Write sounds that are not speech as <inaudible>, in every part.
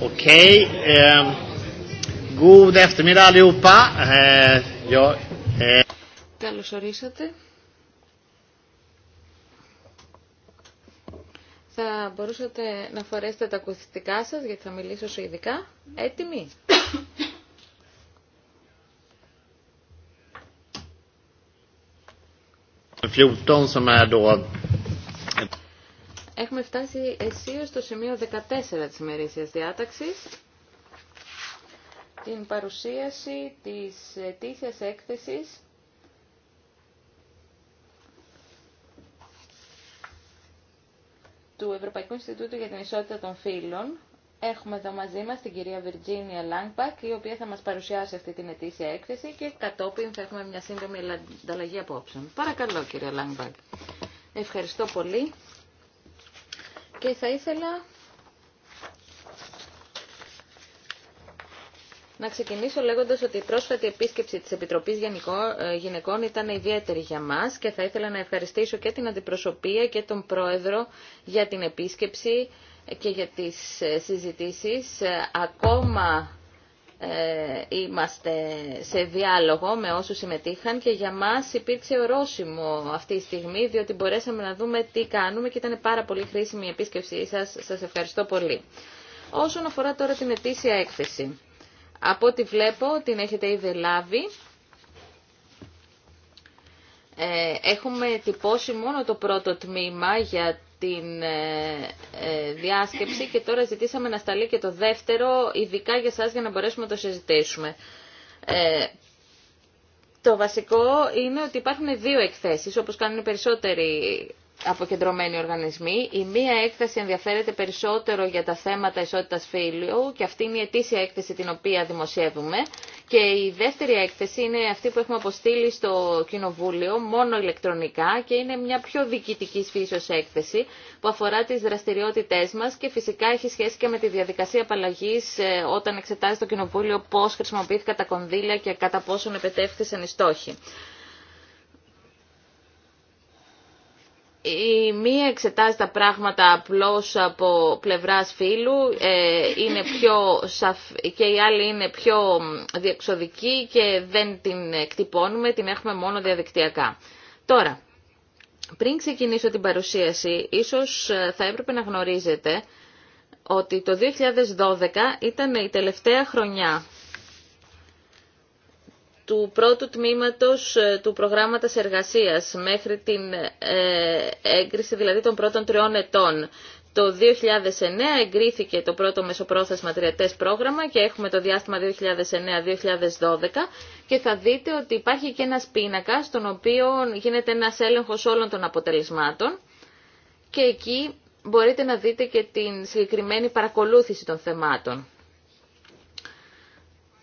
Okej. Okay. Eh, god eftermiddag allihopa. Eh, ja, eh. Καλώς ορίσατε. Θα μπορούσατε να φορέσετε τα ακουστικά σας γιατί θα μιλήσω σε ειδικά. Έτοιμοι. som är då Έχουμε φτάσει εσείς στο σημείο 14 της ημερήσιας διάταξης, την παρουσίαση της ετήσιας έκθεσης του Ευρωπαϊκού Ινστιτούτου για την Ισότητα των Φύλων. Έχουμε εδώ μαζί μας την κυρία Βιρτζίνια Λάγκπακ, η οποία θα μας παρουσιάσει αυτή την ετήσια έκθεση και κατόπιν θα έχουμε μια σύντομη ανταλλαγή απόψεων. Παρακαλώ κυρία Λάγκπακ. Ευχαριστώ πολύ. Και θα ήθελα να ξεκινήσω λέγοντας ότι η πρόσφατη επίσκεψη της Επιτροπής ε, Γυναικών ήταν ιδιαίτερη για μας και θα ήθελα να ευχαριστήσω και την Αντιπροσωπεία και τον Πρόεδρο για την επίσκεψη και για τις ε, συζητήσεις. Ε, ακόμα ε, είμαστε σε διάλογο με όσους συμμετείχαν και για μας υπήρξε ορόσημο αυτή η στιγμή διότι μπορέσαμε να δούμε τι κάνουμε και ήταν πάρα πολύ χρήσιμη η επίσκεψή σας. Σας ευχαριστώ πολύ. Όσον αφορά τώρα την ετήσια έκθεση. Από ό,τι βλέπω την έχετε ήδη λάβει. Ε, έχουμε τυπώσει μόνο το πρώτο τμήμα για την ε, ε, διάσκεψη και τώρα ζητήσαμε να σταλεί και το δεύτερο, ειδικά για σας για να μπορέσουμε να το συζητήσουμε. Ε, το βασικό είναι ότι υπάρχουν δύο εκθέσεις, όπως κάνουν οι περισσότεροι αποκεντρωμένοι οργανισμοί. Η μία έκθεση ενδιαφέρεται περισσότερο για τα θέματα ισότητας φίλου και αυτή είναι η ετήσια έκθεση την οποία δημοσιεύουμε. Και η δεύτερη έκθεση είναι αυτή που έχουμε αποστείλει στο Κοινοβούλιο μόνο ηλεκτρονικά και είναι μια πιο διοικητική φύσεως έκθεση που αφορά τις δραστηριότητές μας και φυσικά έχει σχέση και με τη διαδικασία απαλλαγή ε, όταν εξετάζει το Κοινοβούλιο πώς χρησιμοποιήθηκαν τα κονδύλια και κατά πόσον επετέφθησαν οι στόχοι. η μία εξετάζει τα πράγματα απλώς από πλευράς φίλου ε, είναι πιο σαφ... και η άλλη είναι πιο διεξοδική και δεν την εκτυπώνουμε, την έχουμε μόνο διαδικτυακά. Τώρα, πριν ξεκινήσω την παρουσίαση, ίσως ε, θα έπρεπε να γνωρίζετε ότι το 2012 ήταν η τελευταία χρονιά του πρώτου τμήματος ε, του προγράμματος εργασίας μέχρι την ε, έγκριση δηλαδή των πρώτων τριών ετών. Το 2009 εγκρίθηκε το πρώτο μεσοπρόθεσμα τριετές πρόγραμμα και έχουμε το διάστημα 2009-2012 και θα δείτε ότι υπάρχει και ένας πίνακας στον οποίο γίνεται ένας έλεγχος όλων των αποτελεσμάτων και εκεί μπορείτε να δείτε και την συγκεκριμένη παρακολούθηση των θεμάτων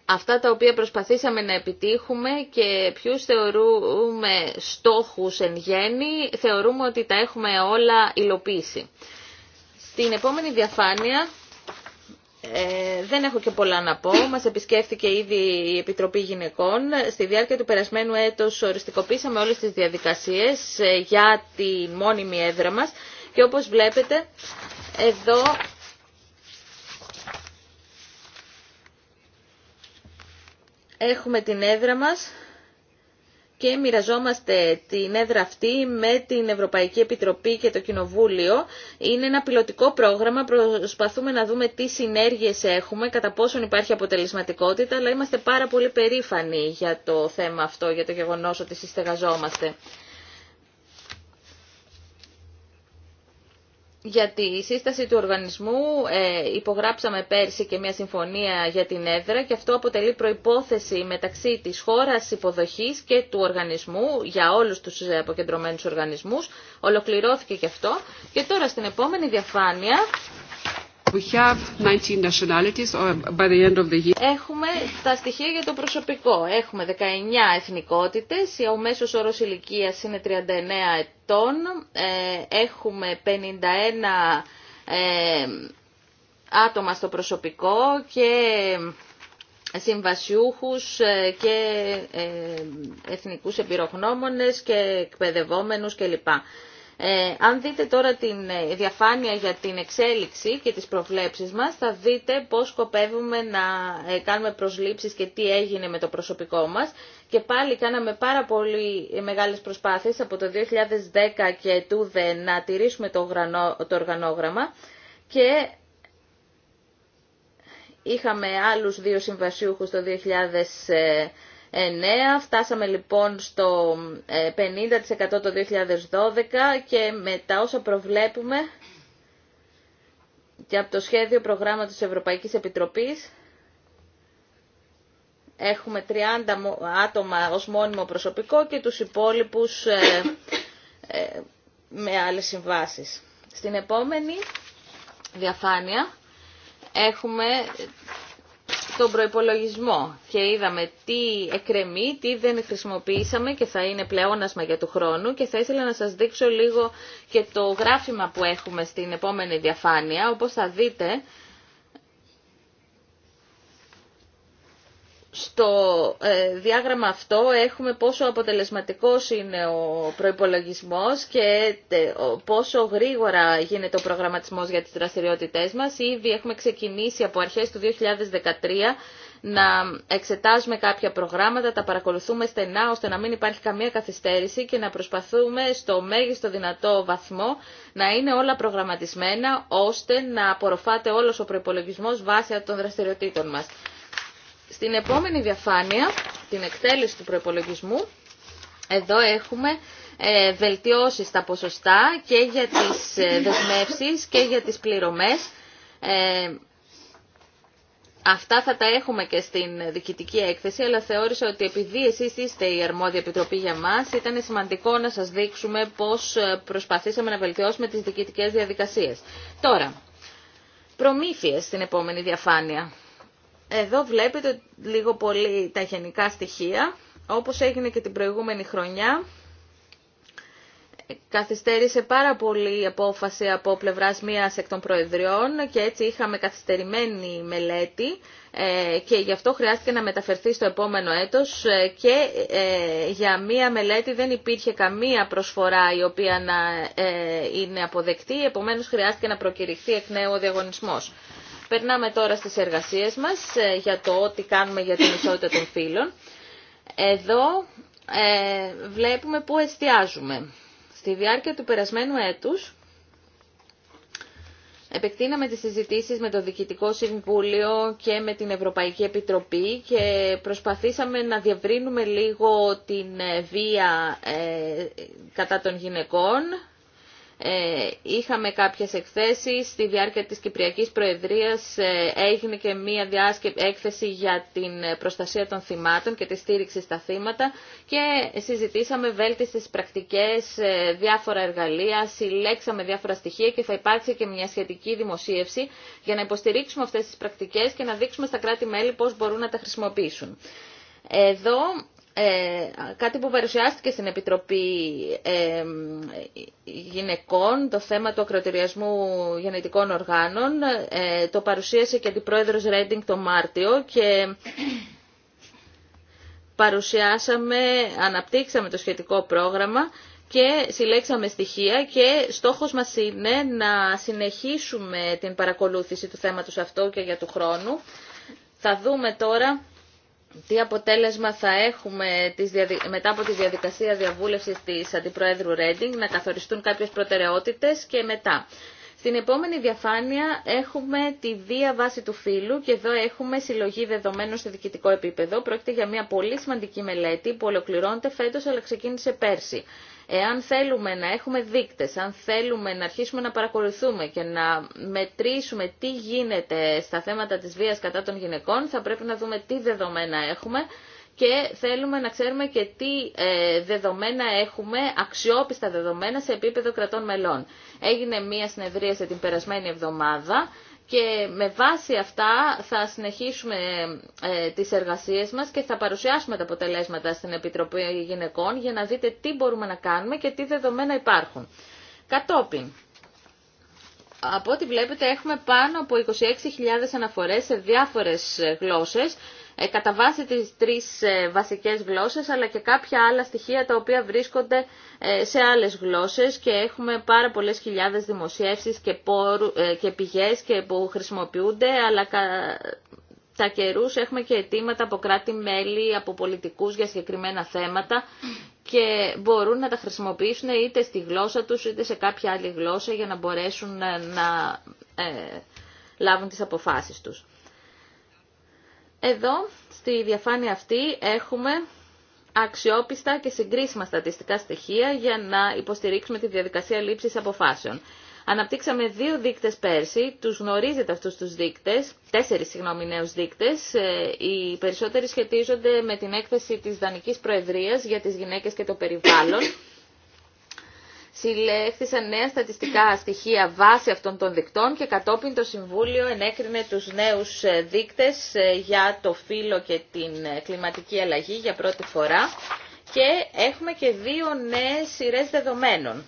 αυτά τα οποία προσπαθήσαμε να επιτύχουμε και ποιους θεωρούμε στόχους εν γέννη, θεωρούμε ότι τα έχουμε όλα υλοποίησει. Στην επόμενη διαφάνεια ε, δεν έχω και πολλά να πω. Μας επισκέφθηκε ήδη η Επιτροπή Γυναικών. Στη διάρκεια του περασμένου έτους οριστικοποίησαμε όλες τις διαδικασίες ε, για τη μόνιμη έδρα μας. Και όπως βλέπετε, εδώ έχουμε την έδρα μας και μοιραζόμαστε την έδρα αυτή με την Ευρωπαϊκή Επιτροπή και το Κοινοβούλιο. Είναι ένα πιλωτικό πρόγραμμα, προσπαθούμε να δούμε τι συνέργειες έχουμε, κατά πόσον υπάρχει αποτελεσματικότητα, αλλά είμαστε πάρα πολύ περήφανοι για το θέμα αυτό, για το γεγονός ότι συστεγαζόμαστε. για τη σύσταση του οργανισμού ε, υπογράψαμε πέρσι και μια συμφωνία για την έδρα και αυτό αποτελεί προϋπόθεση μεταξύ της χώρας υποδοχής και του οργανισμού για όλους τους ε, αποκεντρωμένους οργανισμούς. Ολοκληρώθηκε και αυτό και τώρα στην επόμενη διαφάνεια Uh, έχουμε τα στοιχεία για το προσωπικό. Έχουμε 19 εθνικότητες, ο μέσος όρος ηλικίας είναι 39 ετών, ε, έχουμε 51 ε, άτομα στο προσωπικό και συμβασιούχους ε, και εθνικούς εμπειρογνώμονες και εκπαιδευόμενους κλπ. Ε, αν δείτε τώρα την ε, διαφάνεια για την εξέλιξη και τις προβλέψεις μας, θα δείτε πώς σκοπεύουμε να ε, κάνουμε προσλήψεις και τι έγινε με το προσωπικό μας. Και πάλι κάναμε πάρα πολύ μεγάλες προσπάθειες από το 2010 και τούδε να τηρήσουμε το, το οργανόγραμμα και είχαμε άλλους δύο συμβασιούχους το 2010. Φτάσαμε λοιπόν στο 50% ε, το 2012 και μετά όσα προβλέπουμε και από το σχέδιο προγράμματος της Ευρωπαϊκής Επιτροπής έχουμε 30 άτομα ως μόνιμο προσωπικό και τους υπόλοιπους ε, ε, με άλλες συμβάσεις. Στην επόμενη διαφάνεια έχουμε στον προπολογισμό και είδαμε τι εκκρεμεί, τι δεν χρησιμοποιήσαμε και θα είναι πλεόνασμα για του χρόνου και θα ήθελα να σας δείξω λίγο και το γράφημα που έχουμε στην επόμενη διαφάνεια, όπως θα δείτε στο ε, διάγραμμα αυτό έχουμε πόσο αποτελεσματικός είναι ο προϋπολογισμός και πόσο γρήγορα γίνεται ο προγραμματισμός για τις δραστηριότητές μας. Ήδη έχουμε ξεκινήσει από αρχές του 2013 να εξετάζουμε κάποια προγράμματα, τα παρακολουθούμε στενά ώστε να μην υπάρχει καμία καθυστέρηση και να προσπαθούμε στο μέγιστο δυνατό βαθμό να είναι όλα προγραμματισμένα ώστε να απορροφάται όλος ο προϋπολογισμός βάσει των δραστηριοτήτων μας. Στην επόμενη διαφάνεια, την εκτέλεση του προϋπολογισμού, εδώ έχουμε ε, βελτιώσεις στα ποσοστά και για τις ε, δεσμεύσεις και για τις πληρωμές. Ε, αυτά θα τα έχουμε και στην διοικητική έκθεση, αλλά θεώρησα ότι επειδή εσείς είστε η αρμόδια επιτροπή για μας, ήταν σημαντικό να σας δείξουμε πώς προσπαθήσαμε να βελτιώσουμε τις διοικητικές διαδικασίες. Τώρα, προμήθειες στην επόμενη διαφάνεια. Εδώ βλέπετε λίγο πολύ τα γενικά στοιχεία, όπως έγινε και την προηγούμενη χρονιά. Καθυστέρησε πάρα πολύ η απόφαση από πλευράς μίας εκ των Προεδριών και έτσι είχαμε καθυστερημένη μελέτη ε, και γι' αυτό χρειάστηκε να μεταφερθεί στο επόμενο έτος ε, και ε, για μία μελέτη δεν υπήρχε καμία προσφορά η οποία να είναι αποδεκτή, επομένως χρειάστηκε να προκηρυχθεί εκ νέου ο διαγωνισμός. Περνάμε τώρα στις εργασίες μας ε, για το ότι κάνουμε για την ισότητα των φύλων. Εδώ ε, βλέπουμε πού εστιάζουμε. Στη διάρκεια του περασμένου έτους επεκτείναμε τις συζητήσεις με το Διοικητικό Συμβούλιο και με την Ευρωπαϊκή Επιτροπή και προσπαθήσαμε να διευρύνουμε λίγο την ε, βία κατά των γυναικών ε, είχαμε κάποιες εκθέσεις. Στη διάρκεια της Κυπριακής Προεδρίας ε, έγινε και μία έκθεση για την προστασία των θυμάτων και τη στήριξη στα θύματα και συζητήσαμε βέλτιστες πρακτικές, ε, διάφορα εργαλεία, συλλέξαμε διάφορα στοιχεία και θα υπάρξει και μια σχετική δημοσίευση για να υποστηρίξουμε αυτές τις πρακτικές και να δείξουμε στα κράτη-μέλη πώς μπορούν να τα χρησιμοποιήσουν. Εδώ ε, κάτι που παρουσιάστηκε στην Επιτροπή ε, Γυναικών, το θέμα του ακροτηριασμού γενετικών οργάνων. Ε, το παρουσίασε και την πρόεδρος Ρέντινγκ το Μάρτιο και παρουσιάσαμε, αναπτύξαμε το σχετικό πρόγραμμα και συλλέξαμε στοιχεία και στόχος μας είναι να συνεχίσουμε την παρακολούθηση του θέματος αυτό και για του χρόνου. Θα δούμε τώρα τι αποτέλεσμα θα έχουμε μετά από τη διαδικασία διαβούλευσης της Αντιπροέδρου Ρέντινγκ, να καθοριστούν κάποιες προτεραιότητες και μετά. Στην επόμενη διαφάνεια έχουμε τη βία βάση του φύλου και εδώ έχουμε συλλογή δεδομένων στο διοικητικό επίπεδο. Πρόκειται για μια πολύ σημαντική μελέτη που ολοκληρώνεται φέτος αλλά ξεκίνησε πέρσι. Εάν θέλουμε να έχουμε δείκτες, αν θέλουμε να αρχίσουμε να παρακολουθούμε και να μετρήσουμε τι γίνεται στα θέματα της βίας κατά των γυναικών, θα πρέπει να δούμε τι δεδομένα έχουμε και θέλουμε να ξέρουμε και τι ε, δεδομένα έχουμε, αξιόπιστα δεδομένα σε επίπεδο κρατών μελών. Έγινε μία σε την περασμένη εβδομάδα και με βάση αυτά θα συνεχίσουμε ε, τις εργασίες μας και θα παρουσιάσουμε τα αποτελέσματα στην Επιτροπή Γυναικών για να δείτε τι μπορούμε να κάνουμε και τι δεδομένα υπάρχουν. Κατόπιν, από ό,τι βλέπετε έχουμε πάνω από 26.000 αναφορές σε διάφορες γλώσσες ε, κατά βάση τις τρεις ε, βασικές γλώσσες αλλά και κάποια άλλα στοιχεία τα οποία βρίσκονται ε, σε άλλες γλώσσες και έχουμε πάρα πολλές χιλιάδες δημοσιεύσεις και, πόρου, και πηγές και που χρησιμοποιούνται αλλά τα καιρού έχουμε και αιτήματα από κράτη-μέλη, από πολιτικούς για συγκεκριμένα θέματα και μπορούν να τα χρησιμοποιήσουν είτε στη γλώσσα τους είτε σε κάποια άλλη γλώσσα για να μπορέσουν να λάβουν τις αποφάσεις τους. Εδώ, στη διαφάνεια αυτή, έχουμε αξιόπιστα και συγκρίσιμα στατιστικά στοιχεία για να υποστηρίξουμε τη διαδικασία λήψης αποφάσεων. Αναπτύξαμε δύο δείκτες πέρσι, τους γνωρίζετε αυτούς τους δείκτες, τέσσερις συγγνώμη νέους δείκτες, ε, οι περισσότεροι σχετίζονται με την έκθεση της Δανικής Προεδρίας για τις γυναίκες και το περιβάλλον συλλέχθησαν νέα στατιστικά στοιχεία βάσει αυτών των δικτών και κατόπιν το Συμβούλιο ενέκρινε τους νέους ε, δείκτες ε, για το φύλλο και την ε, κλιματική αλλαγή για πρώτη φορά και έχουμε και δύο νέες σειρές δεδομένων.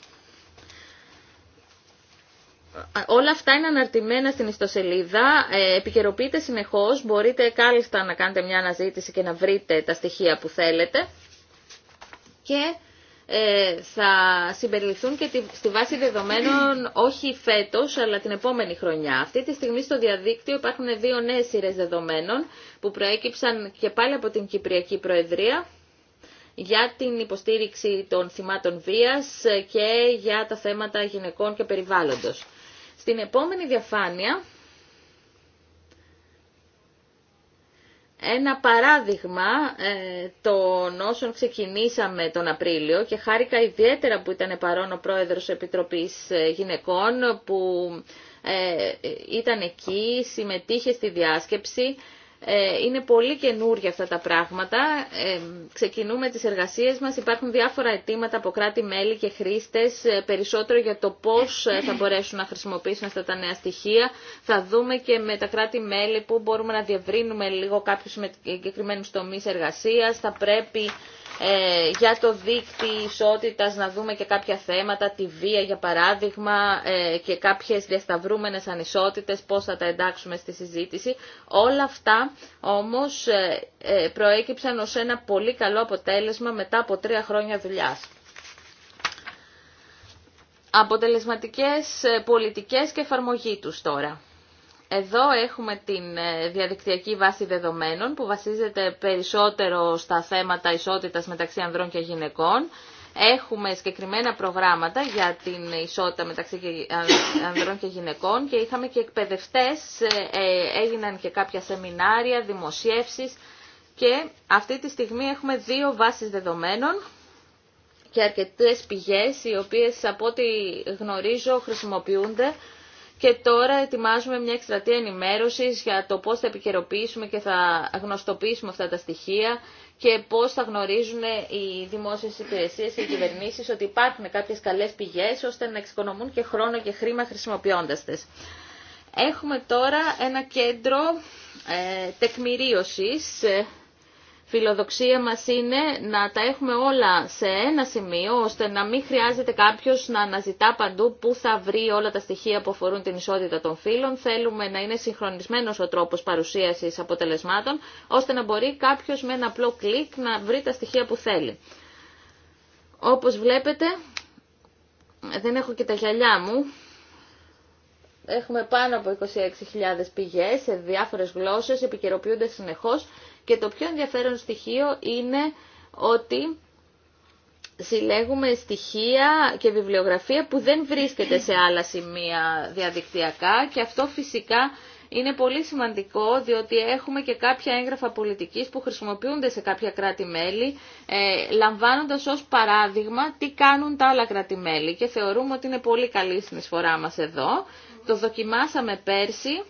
Όλα αυτά είναι αναρτημένα στην ιστοσελίδα, επικαιροποιείται συνεχώς, μπορείτε κάλλιστα να κάνετε μια αναζήτηση και να βρείτε τα στοιχεία που θέλετε. Και ε, θα συμπεριληφθούν και στη βάση δεδομένων <clears throat> όχι φέτος αλλά την επόμενη χρονιά. Αυτή τη στιγμή στο διαδίκτυο υπάρχουν δύο νέες σειρές δεδομένων που προέκυψαν και πάλι από την Κυπριακή Προεδρία για την υποστήριξη των θυμάτων βίας και για τα θέματα γυναικών και περιβάλλοντος. Στην επόμενη διαφάνεια ένα παράδειγμα ε, των όσων ξεκινήσαμε τον Απρίλιο και χάρηκα ιδιαίτερα που ήταν παρόν ο πρόεδρος Επιτροπής ε, Γυναικών που ε, ήταν εκεί, συμμετείχε στη διάσκεψη ε, είναι πολύ καινούργια αυτά τα πράγματα. Ε, ξεκινούμε τις εργασίες μας. Υπάρχουν διάφορα αιτήματα από κράτη-μέλη και χρήστες ε, περισσότερο για το πώς θα μπορέσουν να χρησιμοποιήσουν αυτά τα νέα στοιχεία. Θα δούμε και με τα κράτη-μέλη που μπορούμε να διευρύνουμε λίγο κάποιους συγκεκριμένους τομείς εργασίας. Θα πρέπει ε, για το δίκτυ ισότητας να δούμε και κάποια θέματα, τη βία για παράδειγμα ε, και κάποιες διασταυρούμενες ανισότητες, πώς θα τα εντάξουμε στη συζήτηση. Όλα αυτά όμως ε, προέκυψαν ως ένα πολύ καλό αποτέλεσμα μετά από τρία χρόνια δουλειάς. Αποτελεσματικές πολιτικές και εφαρμογή τους τώρα. Εδώ έχουμε την ε, διαδικτυακή βάση δεδομένων που βασίζεται περισσότερο στα θέματα ισότητας μεταξύ ανδρών και γυναικών. Έχουμε συγκεκριμένα προγράμματα για την ισότητα μεταξύ ανδρών και γυναικών και είχαμε και εκπαιδευτές, ε, ε, έγιναν και κάποια σεμινάρια, δημοσιεύσεις και αυτή τη στιγμή έχουμε δύο βάσεις δεδομένων και αρκετές πηγές οι οποίες από ό,τι γνωρίζω χρησιμοποιούνται και τώρα ετοιμάζουμε μια εκστρατεία ενημέρωσης για το πώς θα επικαιροποιήσουμε και θα γνωστοποιήσουμε αυτά τα στοιχεία και πώς θα γνωρίζουν οι δημόσιες υπηρεσίες και οι κυβερνήσεις ότι υπάρχουν κάποιες καλές πηγές ώστε να εξοικονομούν και χρόνο και χρήμα χρησιμοποιώντας τις. Έχουμε τώρα ένα κέντρο ε, τεκμηρίωσης ε, Φιλοδοξία μας είναι να τα έχουμε όλα σε ένα σημείο, ώστε να μην χρειάζεται κάποιος να αναζητά παντού πού θα βρει όλα τα στοιχεία που αφορούν την ισότητα των φύλων. Θέλουμε να είναι συγχρονισμένος ο τρόπος παρουσίασης αποτελεσμάτων, ώστε να μπορεί κάποιος με ένα απλό κλικ να βρει τα στοιχεία που θέλει. Όπως βλέπετε, δεν έχω και τα γυαλιά μου, Έχουμε πάνω από 26.000 πηγές σε διάφορες γλώσσες, επικαιροποιούνται συνεχώς και το πιο ενδιαφέρον στοιχείο είναι ότι συλλέγουμε στοιχεία και βιβλιογραφία που δεν βρίσκεται σε άλλα σημεία διαδικτυακά και αυτό φυσικά είναι πολύ σημαντικό διότι έχουμε και κάποια έγγραφα πολιτικής που χρησιμοποιούνται σε κάποια κράτη-μέλη ε, λαμβάνοντας ως παράδειγμα τι κάνουν τα άλλα κράτη-μέλη και θεωρούμε ότι είναι πολύ καλή η συνεισφορά μας εδώ. Το δοκιμάσαμε πέρσι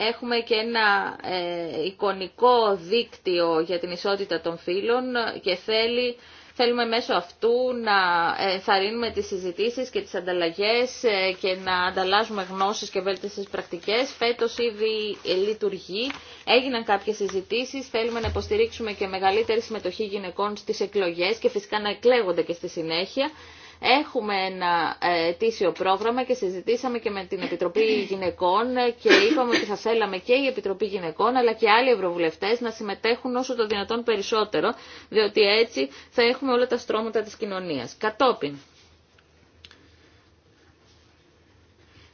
Έχουμε και ένα ε, εικονικό δίκτυο για την ισότητα των φύλων και θέλει Θέλουμε μέσω αυτού να ε, θαρρύνουμε τις συζητήσεις και τις ανταλλαγές ε, και να ανταλλάζουμε γνώσεις και βέλτιστες πρακτικές. Φέτος ήδη λειτουργεί, έγιναν κάποιες συζητήσεις, θέλουμε να υποστηρίξουμε και μεγαλύτερη συμμετοχή γυναικών στις εκλογές και φυσικά να εκλέγονται και στη συνέχεια. Έχουμε ένα ετήσιο πρόγραμμα και συζητήσαμε και με την Επιτροπή Γυναικών και είπαμε ότι θα θέλαμε και η Επιτροπή Γυναικών αλλά και άλλοι ευρωβουλευτές να συμμετέχουν όσο το δυνατόν περισσότερο, διότι έτσι θα έχουμε όλα τα στρώματα της κοινωνίας. Κατόπιν.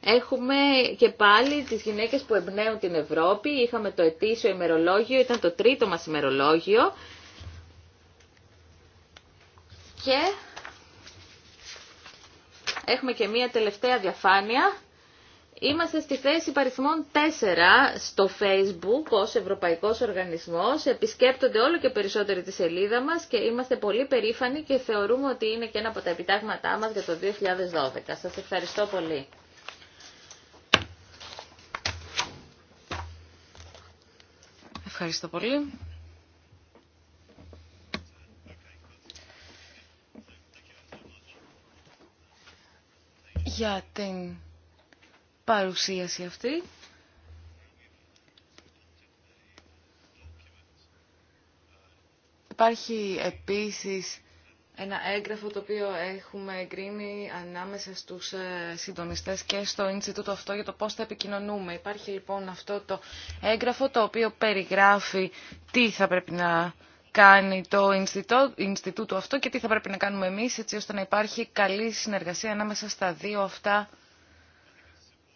Έχουμε και πάλι τις γυναίκες που εμπνέουν την Ευρώπη. Είχαμε το ετήσιο ημερολόγιο, ήταν το τρίτο μας ημερολόγιο. Και Έχουμε και μία τελευταία διαφάνεια. Είμαστε στη θέση παριθμών 4 στο Facebook ως Ευρωπαϊκός Οργανισμός. Επισκέπτονται όλο και περισσότεροι τη σελίδα μας και είμαστε πολύ περήφανοι και θεωρούμε ότι είναι και ένα από τα επιτάγματά μας για το 2012. Σας ευχαριστώ πολύ. Ευχαριστώ πολύ. για την παρουσίαση αυτή. Υπάρχει επίσης ένα έγγραφο το οποίο έχουμε εγκρίνει ανάμεσα στους ε, συντονιστές και στο Ινστιτούτο αυτό για το πώς θα επικοινωνούμε. Υπάρχει λοιπόν αυτό το έγγραφο το οποίο περιγράφει τι θα πρέπει να κάνει το Ινστιτούτο αυτό και τι θα πρέπει να κάνουμε εμείς έτσι ώστε να υπάρχει καλή συνεργασία ανάμεσα στα δύο αυτά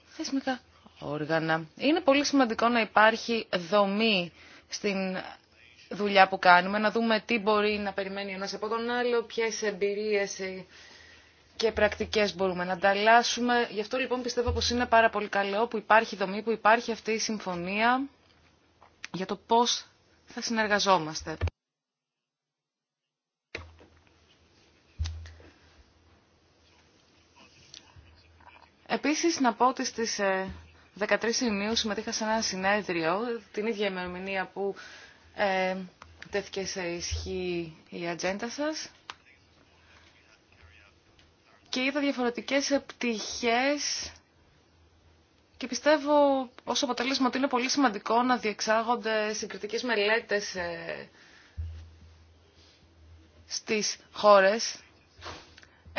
θεσμικά όργανα. Είναι πολύ σημαντικό να υπάρχει δομή στην δουλειά που κάνουμε, να δούμε τι μπορεί να περιμένει ένας από τον άλλο, ποιες εμπειρίες και πρακτικές μπορούμε να ανταλλάσσουμε. Γι' αυτό λοιπόν πιστεύω πως είναι πάρα πολύ καλό που υπάρχει δομή, που υπάρχει αυτή η συμφωνία για το πώς θα συνεργαζόμαστε. Επίσης, να πω ότι στις 13 ε, Ιουνίου συμμετείχα σε ένα συνέδριο, την ίδια ημερομηνία που ε, τέθηκε σε ισχύ η ατζέντα σας και είδα διαφορετικές πτυχές και πιστεύω ως αποτέλεσμα ότι είναι πολύ σημαντικό να διεξάγονται συγκριτικές μελέτες ε, στις χώρες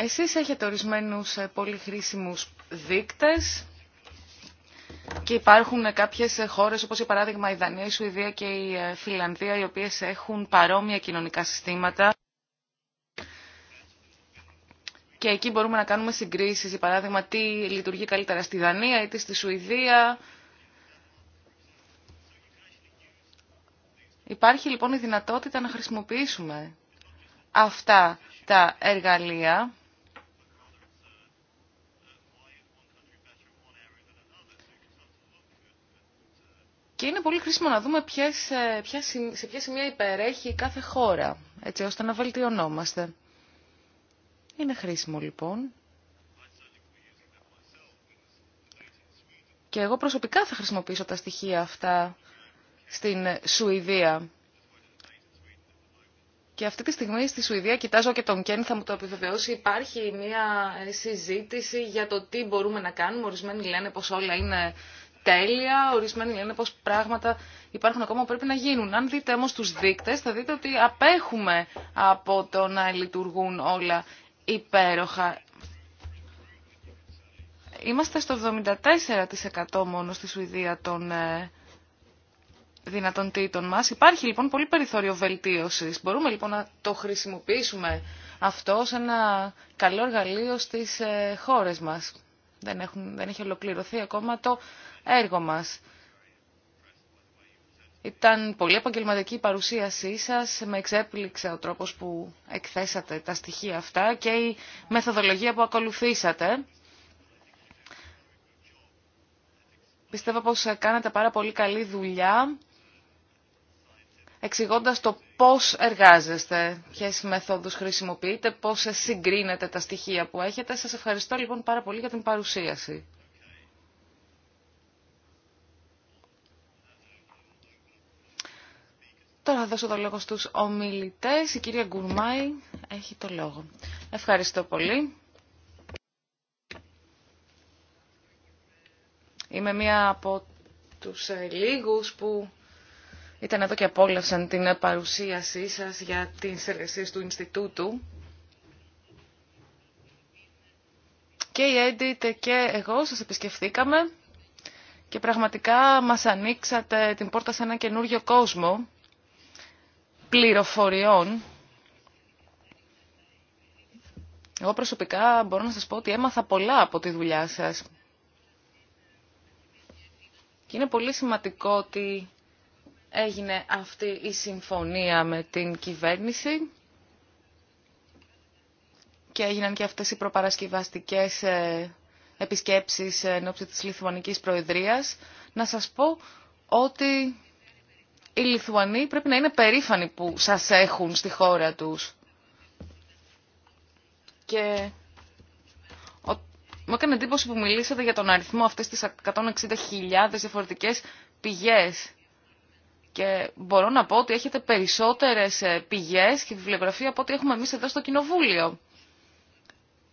εσείς έχετε ορισμένους ε, πολύ χρήσιμους δείκτες και υπάρχουν ε, κάποιες ε, χώρες όπως για παράδειγμα η Δανία, η Σουηδία και η Φιλανδία οι οποίες έχουν παρόμοια κοινωνικά συστήματα και εκεί μπορούμε να κάνουμε συγκρίσεις, για παράδειγμα τι λειτουργεί καλύτερα στη Δανία ή στη Σουηδία. Υπάρχει λοιπόν η δυνατότητα να χρησιμοποιήσουμε αυτά τα εργαλεία Και είναι πολύ χρήσιμο να δούμε ποιες, ε, σε ποια σημεία υπερέχει κάθε χώρα, έτσι ώστε να βελτιωνόμαστε. Είναι χρήσιμο λοιπόν. Και εγώ προσωπικά θα χρησιμοποιήσω τα στοιχεία αυτά στην Σουηδία. Και αυτή τη στιγμή στη Σουηδία, κοιτάζω και τον Κέν θα μου το επιβεβαιώσει, υπάρχει μια ε, συζήτηση για το τι μπορούμε να κάνουμε. Ορισμένοι λένε πως όλα είναι τέλεια, ορισμένοι λένε πως πράγματα υπάρχουν ακόμα που πρέπει να γίνουν. Αν δείτε όμως τους δείκτες θα δείτε ότι απέχουμε από το να λειτουργούν όλα υπέροχα. Είμαστε στο 74% μόνο στη Σουηδία των ε, δυνατοντήτων μας. Υπάρχει λοιπόν πολύ περιθώριο βελτίωσης. Μπορούμε λοιπόν να το χρησιμοποιήσουμε αυτό σε ένα καλό εργαλείο στις ε, χώρες μας. Δεν, έχουν, δεν έχει ολοκληρωθεί ακόμα το έργο μας. Ήταν πολύ επαγγελματική η παρουσίασή σας, με εξέπληξε ο τρόπος που εκθέσατε τα στοιχεία αυτά και η μεθοδολογία που ακολουθήσατε. Πιστεύω πως κάνατε πάρα πολύ καλή δουλειά εξηγώντας το πώς εργάζεστε, ποιες μεθόδους χρησιμοποιείτε, πώς συγκρίνετε τα στοιχεία που έχετε. Σας ευχαριστώ λοιπόν πάρα πολύ για την παρουσίαση. Τώρα θα δώσω το λόγο στους ομιλητές. Η κυρία Γκουρμάη έχει το λόγο. Ευχαριστώ πολύ. Είμαι μία από τους ε, λίγους που ήταν εδώ και απόλαυσαν την παρουσίασή σας για τις εργασίες του Ινστιτούτου. Και η Edit και εγώ σας επισκεφθήκαμε και πραγματικά μας ανοίξατε την πόρτα σε ένα καινούριο κόσμο πληροφοριών. Εγώ προσωπικά μπορώ να σας πω ότι έμαθα πολλά από τη δουλειά σας. Και είναι πολύ σημαντικό ότι έγινε αυτή η συμφωνία με την κυβέρνηση και έγιναν και αυτές οι προπαρασκευαστικές ε, επισκέψεις εν ώψη της Λιθουανικής Προεδρίας. Να σας πω ότι οι Λιθουανοί πρέπει να είναι περήφανοι που σας έχουν στη χώρα τους. Και μου έκανε εντύπωση που μιλήσατε για τον αριθμό αυτές τις 160.000 διαφορετικές πηγές. Και μπορώ να πω ότι έχετε περισσότερες ε, πηγές και βιβλιογραφία από ό,τι έχουμε εμείς εδώ στο Κοινοβούλιο.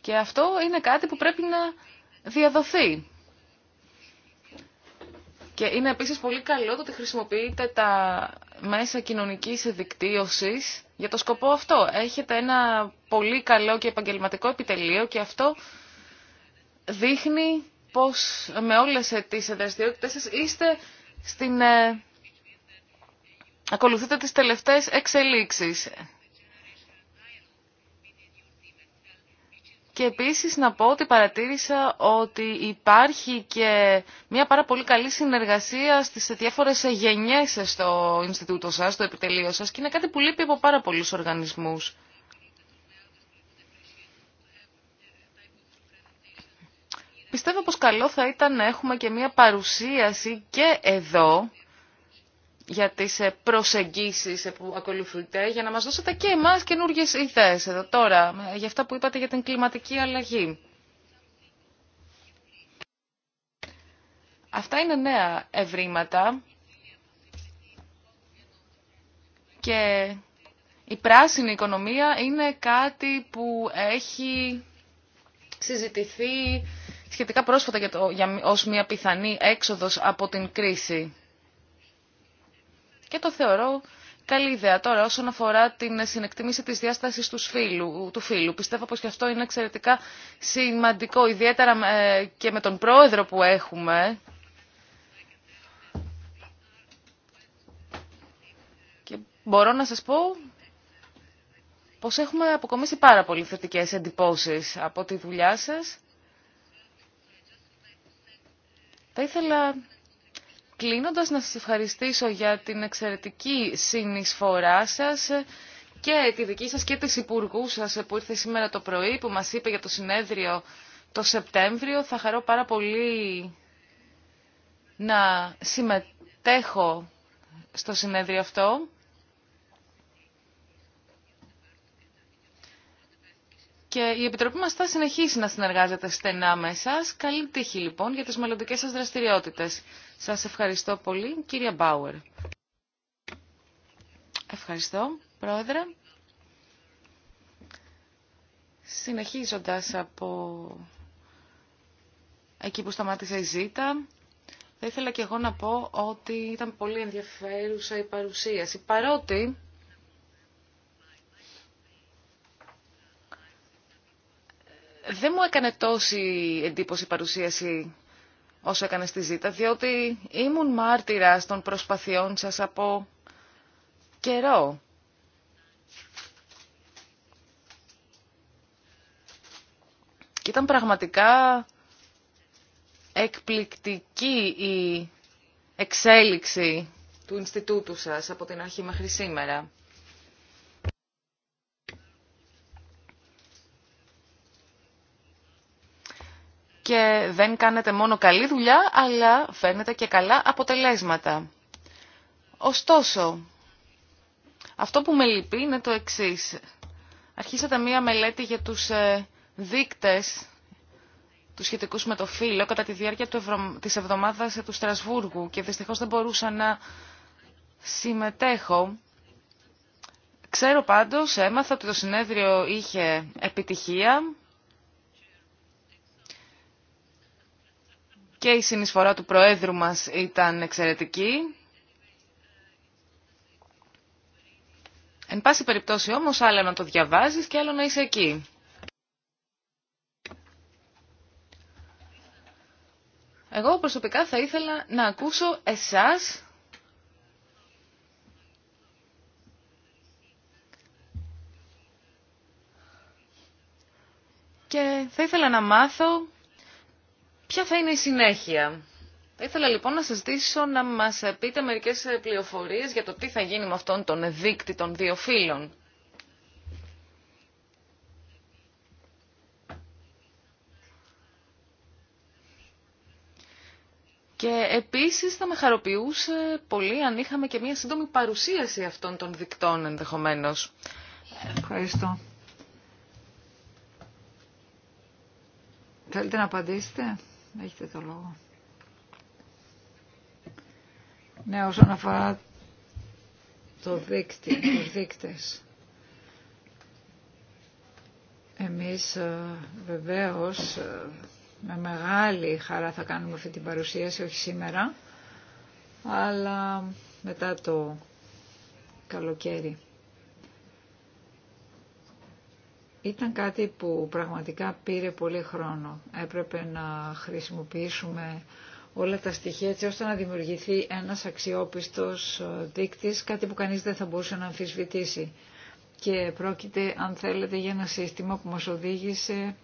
Και αυτό είναι κάτι που πρέπει να διαδοθεί. Και είναι επίσης πολύ καλό το ότι χρησιμοποιείτε τα μέσα κοινωνικής δικτύωσης για το σκοπό αυτό. Έχετε ένα πολύ καλό και επαγγελματικό επιτελείο και αυτό δείχνει πως με όλες τις δραστηριότητες σας είστε στην ε, ακολουθείτε τις τελευταίες εξελίξεις. Και επίσης να πω ότι παρατήρησα ότι υπάρχει και μια πάρα πολύ καλή συνεργασία στις διάφορες γενιές στο Ινστιτούτο σας, στο επιτελείο σας και είναι κάτι που λείπει από πάρα πολλούς οργανισμούς. Πιστεύω πως καλό θα ήταν να έχουμε και μια παρουσίαση και εδώ για τις ε, προσεγγίσεις ε, που ακολουθούνται για να μας δώσετε και εμάς καινούργιες ιδέες εδώ τώρα για αυτά που είπατε για την κλιματική αλλαγή. Αυτά είναι νέα ευρήματα και η πράσινη οικονομία είναι κάτι που έχει συζητηθεί σχετικά πρόσφατα για το, για, ως μια πιθανή έξοδος από την κρίση. Και το θεωρώ καλή ιδέα. Τώρα, όσον αφορά την συνεκτίμηση της διάστασης του φίλου, του φίλου πιστεύω πως και αυτό είναι εξαιρετικά σημαντικό, ιδιαίτερα ε, και με τον πρόεδρο που έχουμε. Και μπορώ να σας πω πως έχουμε αποκομίσει πάρα πολύ θετικές εντυπώσεις από τη δουλειά σας. Θα ήθελα Κλείνοντας να σας ευχαριστήσω για την εξαιρετική συνεισφορά σας και τη δική σας και της Υπουργού σας που ήρθε σήμερα το πρωί που μας είπε για το συνέδριο το Σεπτέμβριο. Θα χαρώ πάρα πολύ να συμμετέχω στο συνέδριο αυτό. και η Επιτροπή μας θα συνεχίσει να συνεργάζεται στενά με εσάς. Καλή τύχη λοιπόν για τις μελλοντικές σας δραστηριότητες. Σας ευχαριστώ πολύ, κυρία Μπάουερ. Ευχαριστώ, Πρόεδρε. Συνεχίζοντας από εκεί που σταμάτησε η Ζήτα, θα ήθελα και εγώ να πω ότι ήταν πολύ ενδιαφέρουσα η παρουσίαση. Παρότι δεν μου έκανε τόση εντύπωση η παρουσίαση όσο έκανε στη ζήτα, διότι ήμουν μάρτυρας των προσπαθειών σας από καιρό. Και ήταν πραγματικά εκπληκτική η εξέλιξη του Ινστιτούτου σας από την αρχή μέχρι σήμερα. και δεν κάνετε μόνο καλή δουλειά, αλλά φαίνεται και καλά αποτελέσματα. Ωστόσο, αυτό που με λυπεί είναι το εξής. Αρχίσατε μία μελέτη για τους ε, δίκτες του σχετικού με το φύλλο κατά τη διάρκεια της εβδομάδας του Στρασβούργου και δυστυχώς δεν μπορούσα να συμμετέχω. Ξέρω πάντως, έμαθα ότι το συνέδριο είχε επιτυχία και η συνεισφορά του Προέδρου μας ήταν εξαιρετική. Εν πάση περιπτώσει όμως άλλο να το διαβάζεις και άλλο να είσαι εκεί. Εγώ προσωπικά θα ήθελα να ακούσω εσάς και θα ήθελα να μάθω Ποια θα είναι η συνέχεια. Θα ήθελα λοιπόν να σας ζητήσω να μας πείτε μερικές πληροφορίες για το τι θα γίνει με αυτόν τον δείκτη των δύο φίλων. Και επίσης θα με χαροποιούσε πολύ αν είχαμε και μια σύντομη παρουσίαση αυτών των δικτών ενδεχομένως. Ευχαριστώ. Θέλετε να απαντήσετε. Έχετε το λόγο. Ναι, όσον αφορά το δίκτυο, τους δείκτες. Εμείς ε, βεβαίως ε, με μεγάλη χαρά θα κάνουμε αυτή την παρουσίαση, όχι σήμερα, αλλά μετά το καλοκαίρι. Ήταν κάτι που πραγματικά πήρε πολύ χρόνο. Έπρεπε να χρησιμοποιήσουμε όλα τα στοιχεία έτσι ώστε να δημιουργηθεί ένας αξιόπιστος ε, δείκτης, κάτι που κανείς δεν θα μπορούσε να αμφισβητήσει. Και πρόκειται, αν θέλετε, για ένα σύστημα που μας οδήγησε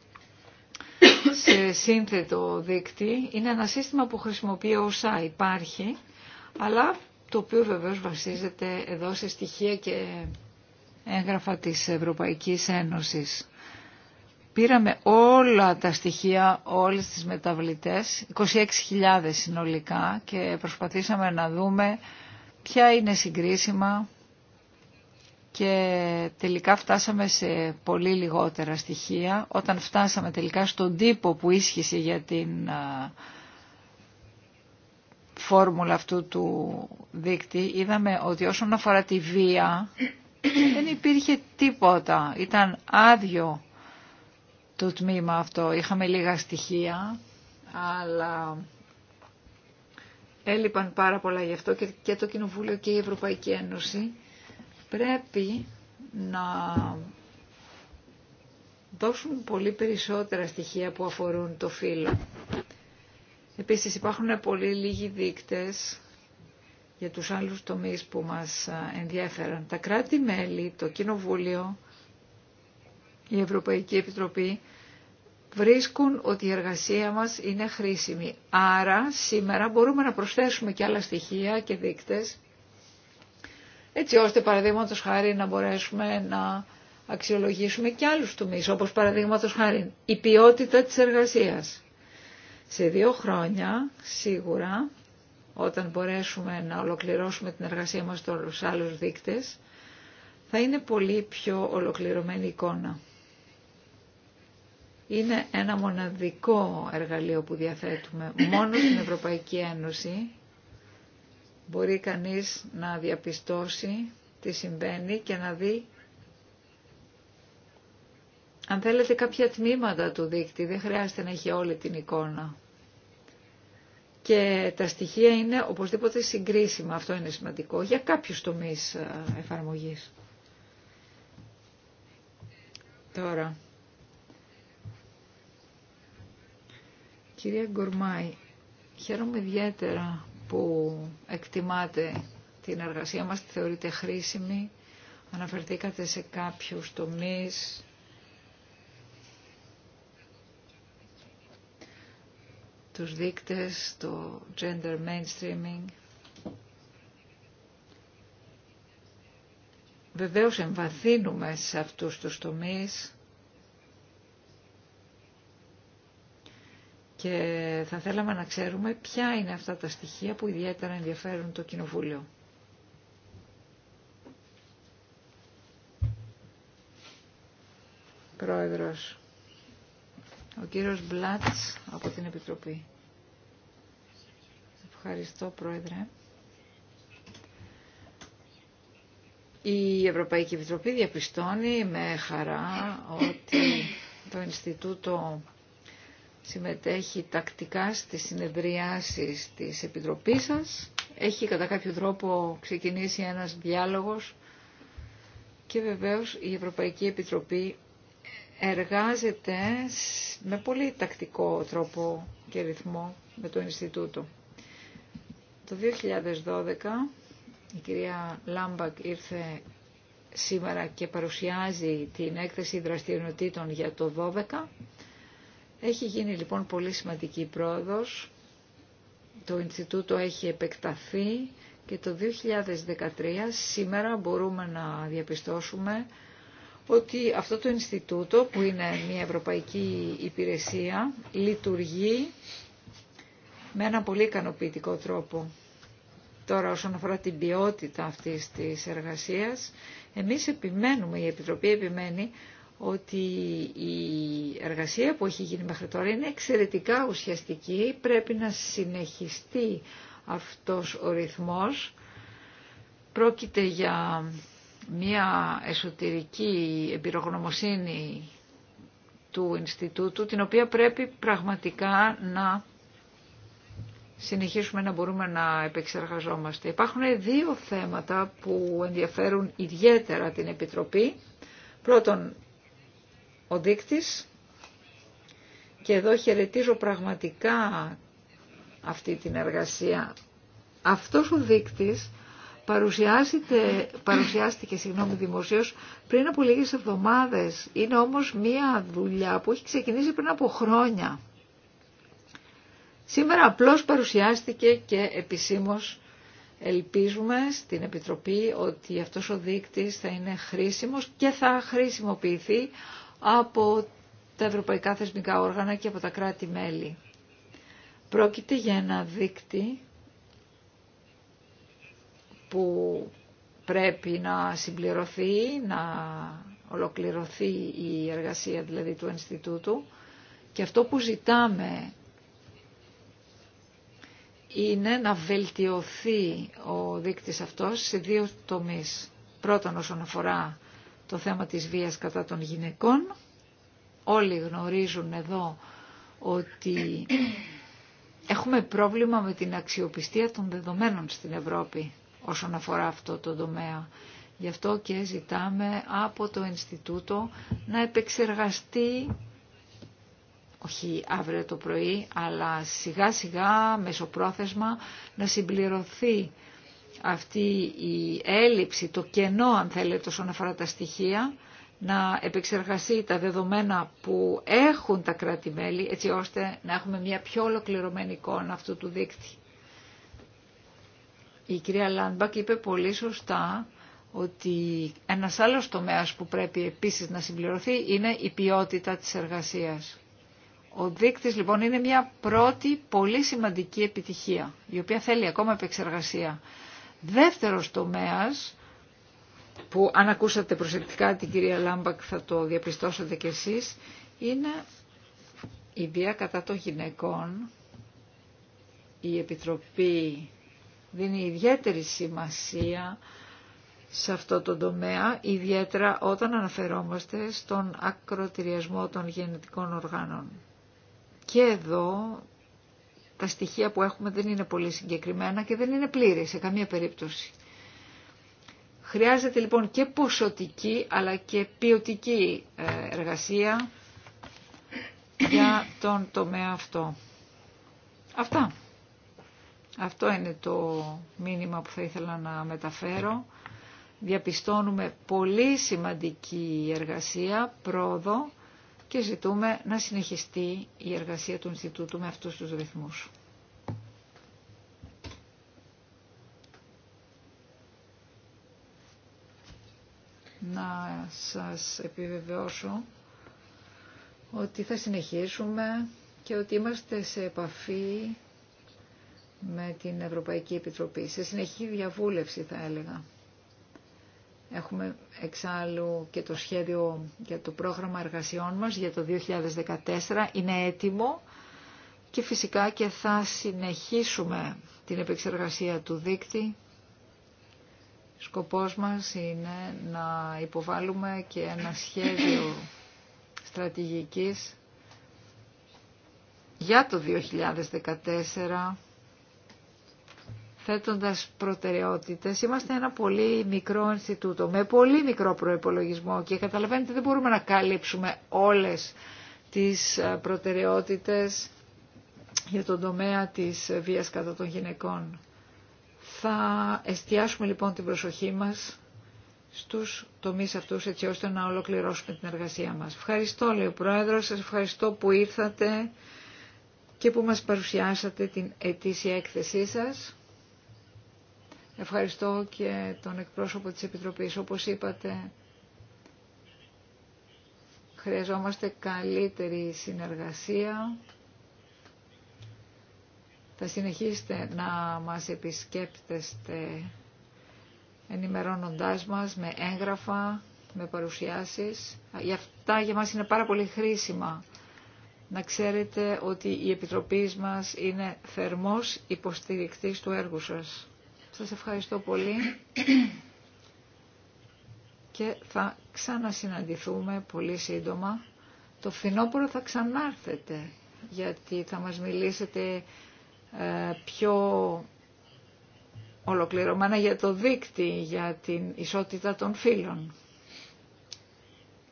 σε σύνθετο δείκτη. Είναι ένα σύστημα που χρησιμοποιεί όσα υπάρχει, αλλά το οποίο βεβαίως βασίζεται εδώ σε στοιχεία και έγγραφα της Ευρωπαϊκής Ένωσης. Πήραμε όλα τα στοιχεία, όλες τις μεταβλητές, 26.000 συνολικά και προσπαθήσαμε να δούμε ποια είναι συγκρίσιμα και τελικά φτάσαμε σε πολύ λιγότερα στοιχεία. Όταν φτάσαμε τελικά στον τύπο που ίσχυσε για την φόρμουλα αυτού του δίκτυ, είδαμε ότι όσον αφορά τη βία δεν υπήρχε τίποτα. Ήταν άδειο το τμήμα αυτό. Είχαμε λίγα στοιχεία, αλλά έλειπαν πάρα πολλά γι' αυτό και, το Κοινοβούλιο και η Ευρωπαϊκή Ένωση πρέπει να δώσουν πολύ περισσότερα στοιχεία που αφορούν το φύλλο. Επίσης υπάρχουν πολύ λίγοι δείκτες για τους άλλους τομείς που μας ε, ενδιαφέραν. Τα κράτη-μέλη, το Κοινοβούλιο, η Ευρωπαϊκή Επιτροπή βρίσκουν ότι η εργασία μας είναι χρήσιμη. Άρα σήμερα μπορούμε να προσθέσουμε και άλλα στοιχεία και δείκτες έτσι ώστε παραδείγματος χάρη να μπορέσουμε να αξιολογήσουμε και άλλους τομείς όπως παραδείγματος χάρη η ποιότητα της εργασίας. Σε δύο χρόνια σίγουρα όταν μπορέσουμε να ολοκληρώσουμε την εργασία μας στους άλλους δείκτες, θα είναι πολύ πιο ολοκληρωμένη εικόνα. Είναι ένα μοναδικό εργαλείο που διαθέτουμε. Μόνο στην Ευρωπαϊκή Ένωση μπορεί κανείς να διαπιστώσει τι συμβαίνει και να δει αν θέλετε κάποια τμήματα του δείκτη. δεν χρειάζεται να έχει όλη την εικόνα και τα στοιχεία είναι οπωσδήποτε συγκρίσιμα. Αυτό είναι σημαντικό για κάποιους τομείς ε, εφαρμογής. Τώρα. Κυρία Γκορμάη, χαίρομαι ιδιαίτερα που εκτιμάτε την εργασία μας, τη θεωρείτε χρήσιμη. Αναφερθήκατε σε κάποιους τομείς τους δείκτες, το gender mainstreaming. Βεβαίως εμβαθύνουμε σε αυτούς τους τομείς και θα θέλαμε να ξέρουμε ποια είναι αυτά τα στοιχεία που ιδιαίτερα ενδιαφέρουν το Κοινοβούλιο. Πρόεδρος. Ο κύριος Μπλάτς από την Επιτροπή. Ευχαριστώ, Πρόεδρε. Η Ευρωπαϊκή Επιτροπή διαπιστώνει με χαρά ότι το Ινστιτούτο συμμετέχει τακτικά στις συνεδριάσεις της Επιτροπής σας. Έχει κατά κάποιο τρόπο ξεκινήσει ένας διάλογος και βεβαίως η Ευρωπαϊκή Επιτροπή εργάζεται με πολύ τακτικό τρόπο και ρυθμό με το Ινστιτούτο. Το 2012 η κυρία Λάμπακ ήρθε σήμερα και παρουσιάζει την έκθεση δραστηριοτήτων για το 2012. Έχει γίνει λοιπόν πολύ σημαντική πρόοδος. Το Ινστιτούτο έχει επεκταθεί και το 2013 σήμερα μπορούμε να διαπιστώσουμε ότι αυτό το Ινστιτούτο που είναι μια ευρωπαϊκή υπηρεσία λειτουργεί με ένα πολύ ικανοποιητικό τρόπο. Τώρα όσον αφορά την ποιότητα αυτής της εργασίας, εμείς επιμένουμε, η Επιτροπή επιμένει ότι η εργασία που έχει γίνει μέχρι τώρα είναι εξαιρετικά ουσιαστική, πρέπει να συνεχιστεί αυτός ο ρυθμός. Πρόκειται για μια εσωτερική εμπειρογνωμοσύνη του Ινστιτούτου, την οποία πρέπει πραγματικά να συνεχίσουμε να μπορούμε να επεξεργαζόμαστε. Υπάρχουν δύο θέματα που ενδιαφέρουν ιδιαίτερα την Επιτροπή. Πρώτον, ο δείκτης, και εδώ χαιρετίζω πραγματικά αυτή την εργασία. Αυτός ο δείκτης παρουσιάστηκε συγγνώμη, δημοσίως πριν από λίγες εβδομάδες. Είναι όμως μία δουλειά που έχει ξεκινήσει πριν από χρόνια. Σήμερα απλώς παρουσιάστηκε και επισήμως ελπίζουμε στην Επιτροπή ότι αυτός ο δείκτης θα είναι χρήσιμος και θα χρησιμοποιηθεί από τα ευρωπαϊκά θεσμικά όργανα και από τα κράτη-μέλη. Πρόκειται για ένα δείκτη που πρέπει να συμπληρωθεί, να ολοκληρωθεί η εργασία δηλαδή του Ινστιτούτου και αυτό που ζητάμε είναι να βελτιωθεί ο δείκτης αυτός σε δύο τομείς. Πρώτον όσον αφορά το θέμα της βίας κατά των γυναικών. Όλοι γνωρίζουν εδώ ότι έχουμε πρόβλημα με την αξιοπιστία των δεδομένων στην Ευρώπη όσον αφορά αυτό το τομέα. Γι' αυτό και ζητάμε από το Ινστιτούτο να επεξεργαστεί όχι αύριο το πρωί, αλλά σιγά σιγά, μεσοπρόθεσμα, να συμπληρωθεί αυτή η έλλειψη, το κενό αν θέλετε όσον αφορά τα στοιχεία, να επεξεργαστεί τα δεδομένα που έχουν τα κράτη-μέλη, έτσι ώστε να έχουμε μια πιο ολοκληρωμένη εικόνα αυτού του δίκτυου. Η κυρία Λάμπακ είπε πολύ σωστά ότι ένας άλλος τομέας που πρέπει επίσης να συμπληρωθεί είναι η ποιότητα της εργασίας. Ο δείκτης λοιπόν είναι μια πρώτη πολύ σημαντική επιτυχία, η οποία θέλει ακόμα επεξεργασία. Δεύτερος τομέας, που αν ακούσατε προσεκτικά την κυρία Λάμπακ θα το διαπιστώσετε κι εσείς, είναι η βία κατά των γυναικών. Η Επιτροπή δίνει ιδιαίτερη σημασία σε αυτό το τομέα, ιδιαίτερα όταν αναφερόμαστε στον ακροτηριασμό των γενετικών οργάνων. Και εδώ τα στοιχεία που έχουμε δεν είναι πολύ συγκεκριμένα και δεν είναι πλήρη σε καμία περίπτωση. Χρειάζεται λοιπόν και ποσοτική αλλά και ποιοτική ε, εργασία για τον τομέα αυτό. Αυτά. Αυτό είναι το μήνυμα που θα ήθελα να μεταφέρω. Διαπιστώνουμε πολύ σημαντική εργασία, πρόοδο και ζητούμε να συνεχιστεί η εργασία του Ινστιτούτου με αυτούς τους ρυθμούς. Να σας επιβεβαιώσω ότι θα συνεχίσουμε και ότι είμαστε σε επαφή με την Ευρωπαϊκή Επιτροπή. Σε συνεχή διαβούλευση θα έλεγα. Έχουμε εξάλλου και το σχέδιο για το πρόγραμμα εργασιών μας για το 2014. Είναι έτοιμο και φυσικά και θα συνεχίσουμε την επεξεργασία του δίκτυ. Σκοπός μας είναι να υποβάλουμε και ένα σχέδιο στρατηγικής για το 2014 θέτοντας προτεραιότητες. Είμαστε ένα πολύ μικρό Ινστιτούτο με πολύ μικρό προϋπολογισμό και καταλαβαίνετε δεν μπορούμε να καλύψουμε όλες τις ε, προτεραιότητες για τον τομέα της βίας κατά των γυναικών. Θα εστιάσουμε λοιπόν την προσοχή μας στους τομείς αυτούς έτσι ώστε να ολοκληρώσουμε την εργασία μας. Ευχαριστώ λέει ο Πρόεδρος, σας ευχαριστώ που ήρθατε και που μας παρουσιάσατε την ετήσια έκθεσή σας. Ευχαριστώ και τον εκπρόσωπο της Επιτροπής. Όπως είπατε, χρειαζόμαστε καλύτερη συνεργασία. Θα συνεχίσετε να μας επισκέπτεστε ενημερώνοντάς μας με έγγραφα, με παρουσιάσεις. Για αυτά για μας είναι πάρα πολύ χρήσιμα. Να ξέρετε ότι η Επιτροπή μας είναι θερμός υποστηρικτής του έργου σας. Σας ευχαριστώ πολύ και θα ξανασυναντηθούμε πολύ σύντομα. Το φθινόπωρο θα ξανάρθετε γιατί θα μας μιλήσετε ε, πιο ολοκληρωμένα για το δίκτυ, για την ισότητα των φίλων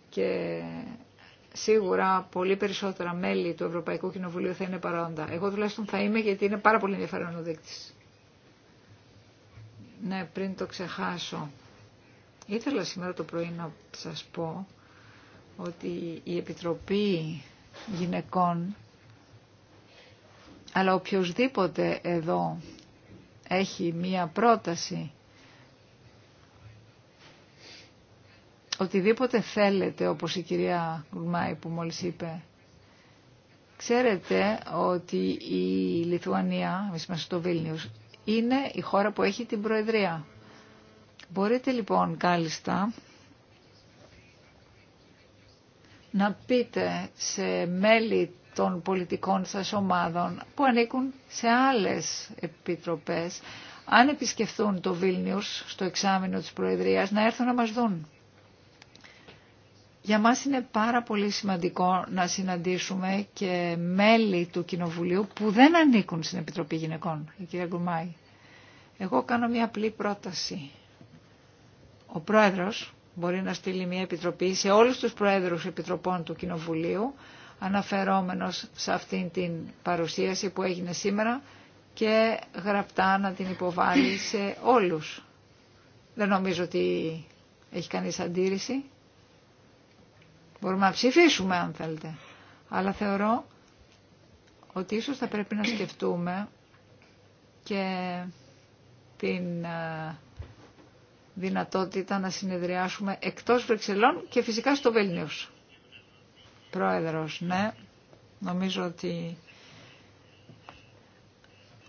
Και σίγουρα πολύ περισσότερα μέλη του Ευρωπαϊκού Κοινοβουλίου θα είναι παρόντα. Εγώ τουλάχιστον θα είμαι γιατί είναι πάρα πολύ ενδιαφέρον ο δείκτης. Ναι, πριν το ξεχάσω. Ήθελα σήμερα το πρωί να σας πω ότι η Επιτροπή Γυναικών αλλά οποιοδήποτε εδώ έχει μία πρόταση οτιδήποτε θέλετε όπως η κυρία Γκουρμάη που μόλις είπε ξέρετε ότι η Λιθουανία εμείς είμαστε στο Βίλνιους είναι η χώρα που έχει την Προεδρία. Μπορείτε λοιπόν κάλλιστα να πείτε σε μέλη των πολιτικών σας ομάδων που ανήκουν σε άλλες επιτροπές αν επισκεφθούν το Βίλνιους στο εξάμεινο της Προεδρίας να έρθουν να μας δουν. Για μας είναι πάρα πολύ σημαντικό να συναντήσουμε και μέλη του Κοινοβουλίου που δεν ανήκουν στην Επιτροπή Γυναικών, η κυρία Γκουμάη. Εγώ κάνω μια απλή πρόταση. Ο πρόεδρος μπορεί να στείλει μια επιτροπή σε όλους τους πρόεδρους επιτροπών του Κοινοβουλίου αναφερόμενος σε αυτήν την παρουσίαση που έγινε σήμερα και γραπτά να την υποβάλει σε όλους. Δεν νομίζω ότι έχει κανείς αντίρρηση. Μπορούμε να ψηφίσουμε αν θέλετε. Αλλά θεωρώ ότι ίσως θα πρέπει να σκεφτούμε και την ε, δυνατότητα να συνεδριάσουμε εκτός Βρυξελών και φυσικά στο Βελνίος. Πρόεδρος, ναι, νομίζω ότι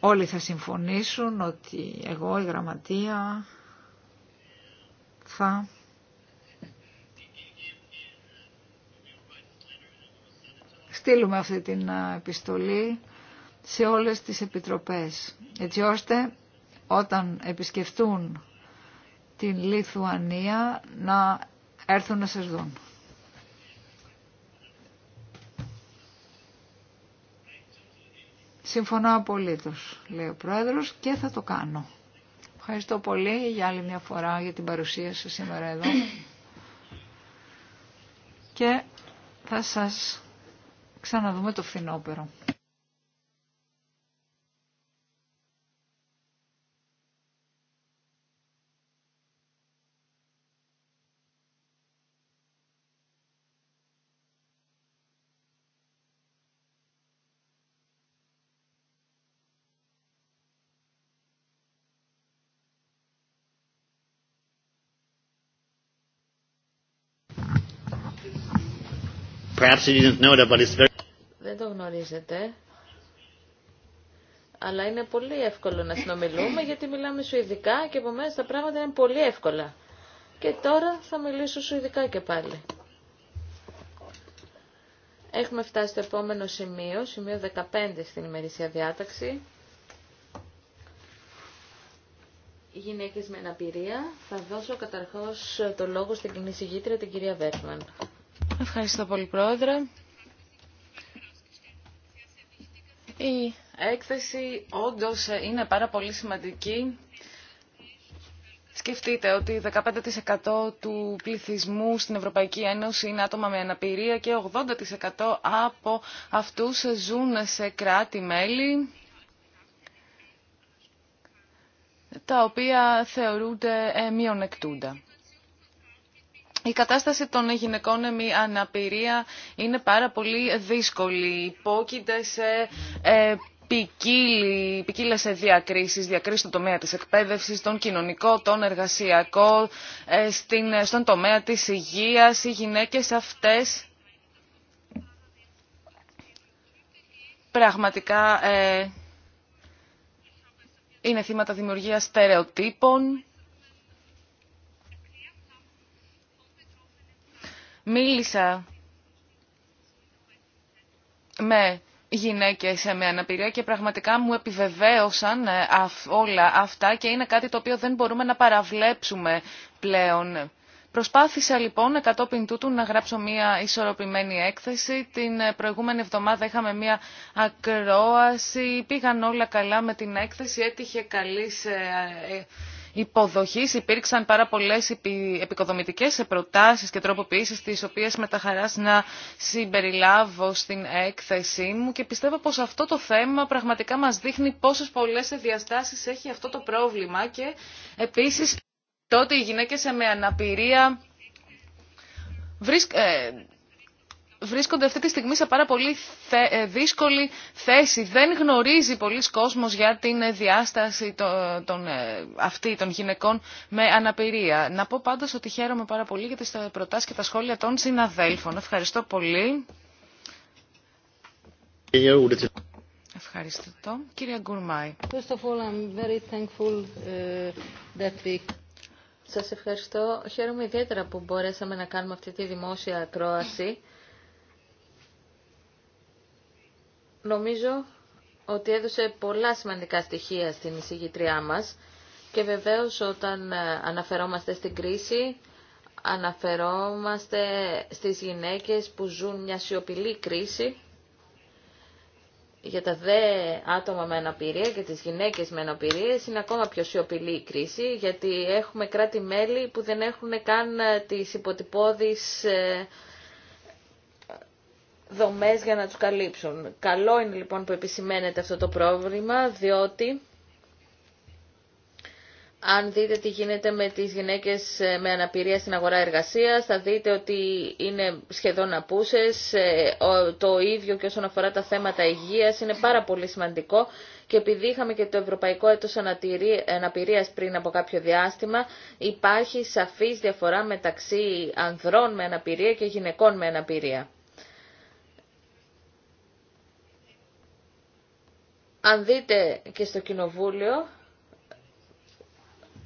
όλοι θα συμφωνήσουν ότι εγώ, η Γραμματεία, θα... Στείλουμε αυτή την ε, επιστολή σε όλες τις επιτροπές, έτσι ώστε όταν επισκεφτούν την Λιθουανία να έρθουν να σας δουν. Συμφωνώ απολύτως, λέει ο Πρόεδρος, και θα το κάνω. Ευχαριστώ πολύ για άλλη μια φορά για την παρουσία σας σήμερα εδώ. Και θα σας ξαναδούμε το φθινόπερο. Perhaps you didn't know that, but it's very... Δεν το γνωρίζετε. Αλλά είναι πολύ εύκολο να συνομιλούμε γιατί μιλάμε σουηδικά και επομένω τα πράγματα είναι πολύ εύκολα. Και τώρα θα μιλήσω σουηδικά και πάλι. Έχουμε φτάσει στο επόμενο σημείο, σημείο 15 στην ημερήσια διάταξη. Γυναίκες με αναπηρία. Θα δώσω καταρχώς το λόγο στην κοινή την κυρία Βέρτμαν. Ευχαριστώ πολύ, Πρόεδρε. Η έκθεση όντως είναι πάρα πολύ σημαντική. Σκεφτείτε ότι 15% του πληθυσμού στην Ευρωπαϊκή Ένωση είναι άτομα με αναπηρία και 80% από αυτούς ζουν σε κράτη-μέλη τα οποία θεωρούνται ε, μειονεκτούντα. Η κατάσταση των γυναικών με αναπηρία είναι πάρα πολύ δύσκολη. Υπόκειται σε ε, ποικίλε διακρίσει, διακρίσει στον τομέα τη εκπαίδευση, στον κοινωνικό, τον εργασιακό, ε, στην, ε, στον τομέα τη υγεία. Οι γυναίκε αυτές πραγματικά ε, είναι θύματα δημιουργία στερεοτύπων Μίλησα με γυναίκες με αναπηρία και πραγματικά μου επιβεβαίωσαν ε, όλα αυτά και είναι κάτι το οποίο δεν μπορούμε να παραβλέψουμε πλέον. Προσπάθησα λοιπόν κατόπιν τούτου να γράψω μια ισορροπημένη έκθεση. Την ε, προηγούμενη εβδομάδα είχαμε μια ακρόαση, πήγαν όλα καλά με την έκθεση, έτυχε καλής ε, υποδοχής υπήρξαν πάρα πολλέ επικοδομητικέ προτάσει και τροποποιήσεις τις οποίες με τα χαρά να συμπεριλάβω στην έκθεσή μου και πιστεύω πως αυτό το θέμα πραγματικά μας δείχνει πόσε πολλέ διαστάσεις έχει αυτό το πρόβλημα και επίσης τότε οι γυναίκε με αναπηρία ε, βρίσκονται αυτή τη στιγμή σε πάρα πολύ ε, δύσκολη θέση. Δεν γνωρίζει πολλοί κόσμος για την ε, διάσταση των, ε, αυτή των γυναικών με αναπηρία. Να πω πάντως ότι χαίρομαι πάρα πολύ για τις προτάσεις και τα σχόλια των συναδέλφων. Ευχαριστώ πολύ. Ευχαριστώ. Κύριε Γκουρμάη. Σας ευχαριστώ. Χαίρομαι ιδιαίτερα που μπορέσαμε να κάνουμε αυτή τη δημόσια ακρόαση νομίζω ότι έδωσε πολλά σημαντικά στοιχεία στην εισηγητριά μας και βεβαίως όταν ε, αναφερόμαστε στην κρίση αναφερόμαστε στις γυναίκες που ζουν μια σιωπηλή κρίση για τα δε άτομα με αναπηρία και τις γυναίκες με αναπηρία είναι ακόμα πιο σιωπηλή η κρίση γιατί έχουμε κράτη-μέλη που δεν έχουν καν ε, τις υποτυπώδεις ε, δομές για να τους καλύψουν. Καλό είναι λοιπόν που επισημαίνεται αυτό το πρόβλημα, διότι αν δείτε τι γίνεται με τις γυναίκες ε, με αναπηρία στην αγορά εργασίας, θα δείτε ότι είναι σχεδόν απούσες. Ε, το ίδιο και όσον αφορά τα θέματα υγείας είναι πάρα πολύ σημαντικό και επειδή είχαμε και το Ευρωπαϊκό Έτος Αναπηρίας πριν από κάποιο διάστημα, υπάρχει σαφής διαφορά μεταξύ ανδρών με αναπηρία και γυναικών με αναπηρία. Αν δείτε και στο Κοινοβούλιο,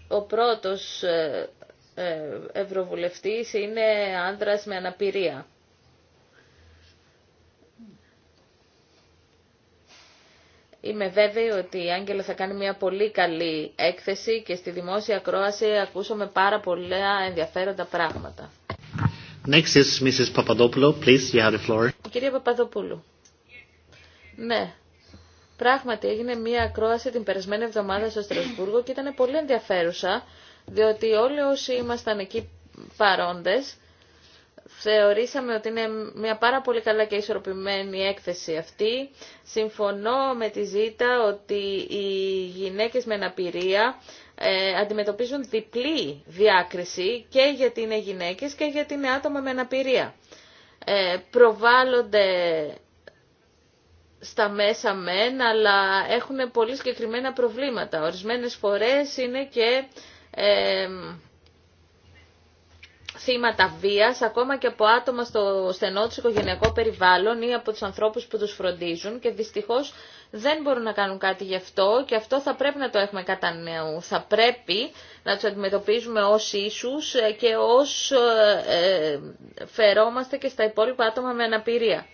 ο πρώτος ε, ε, ευρωβουλευτής είναι άντρας με αναπηρία. Είμαι βέβαιη ότι η Άγγελα θα κάνει μια πολύ καλή έκθεση και στη δημόσια Κρόαση ακούσαμε πάρα πολλά ενδιαφέροντα πράγματα. Next is Mrs. Papadopoulou. Please, you have the floor. κυρία Παπαδοπούλου. Ναι, Πράγματι έγινε μία ακρόαση την περασμένη εβδομάδα στο Στρασβούργο και ήταν πολύ ενδιαφέρουσα, διότι όλοι όσοι ήμασταν εκεί παρόντες, θεωρήσαμε ότι είναι μια πάρα πολύ καλά και ισορροπημένη έκθεση αυτή. Συμφωνώ με τη Ζήτα ότι οι γυναίκες με αναπηρία ε, αντιμετωπίζουν διπλή διάκριση και γιατί είναι γυναίκες και γιατί είναι άτομα με αναπηρία. Ε, προβάλλονται στα μέσα μεν, αλλά έχουν πολύ συγκεκριμένα προβλήματα. Ορισμένες φορές είναι και ε, θύματα βίας, ακόμα και από άτομα στο στενό του οικογενειακό περιβάλλον ή από τους ανθρώπους που τους φροντίζουν και δυστυχώς δεν μπορούν να κάνουν κάτι γι' αυτό και αυτό θα πρέπει να το έχουμε κατά νέου. Θα πρέπει να τους αντιμετωπίζουμε ως ίσους και ως ε, ε, φερόμαστε και στα υπόλοιπα άτομα με αναπηρία.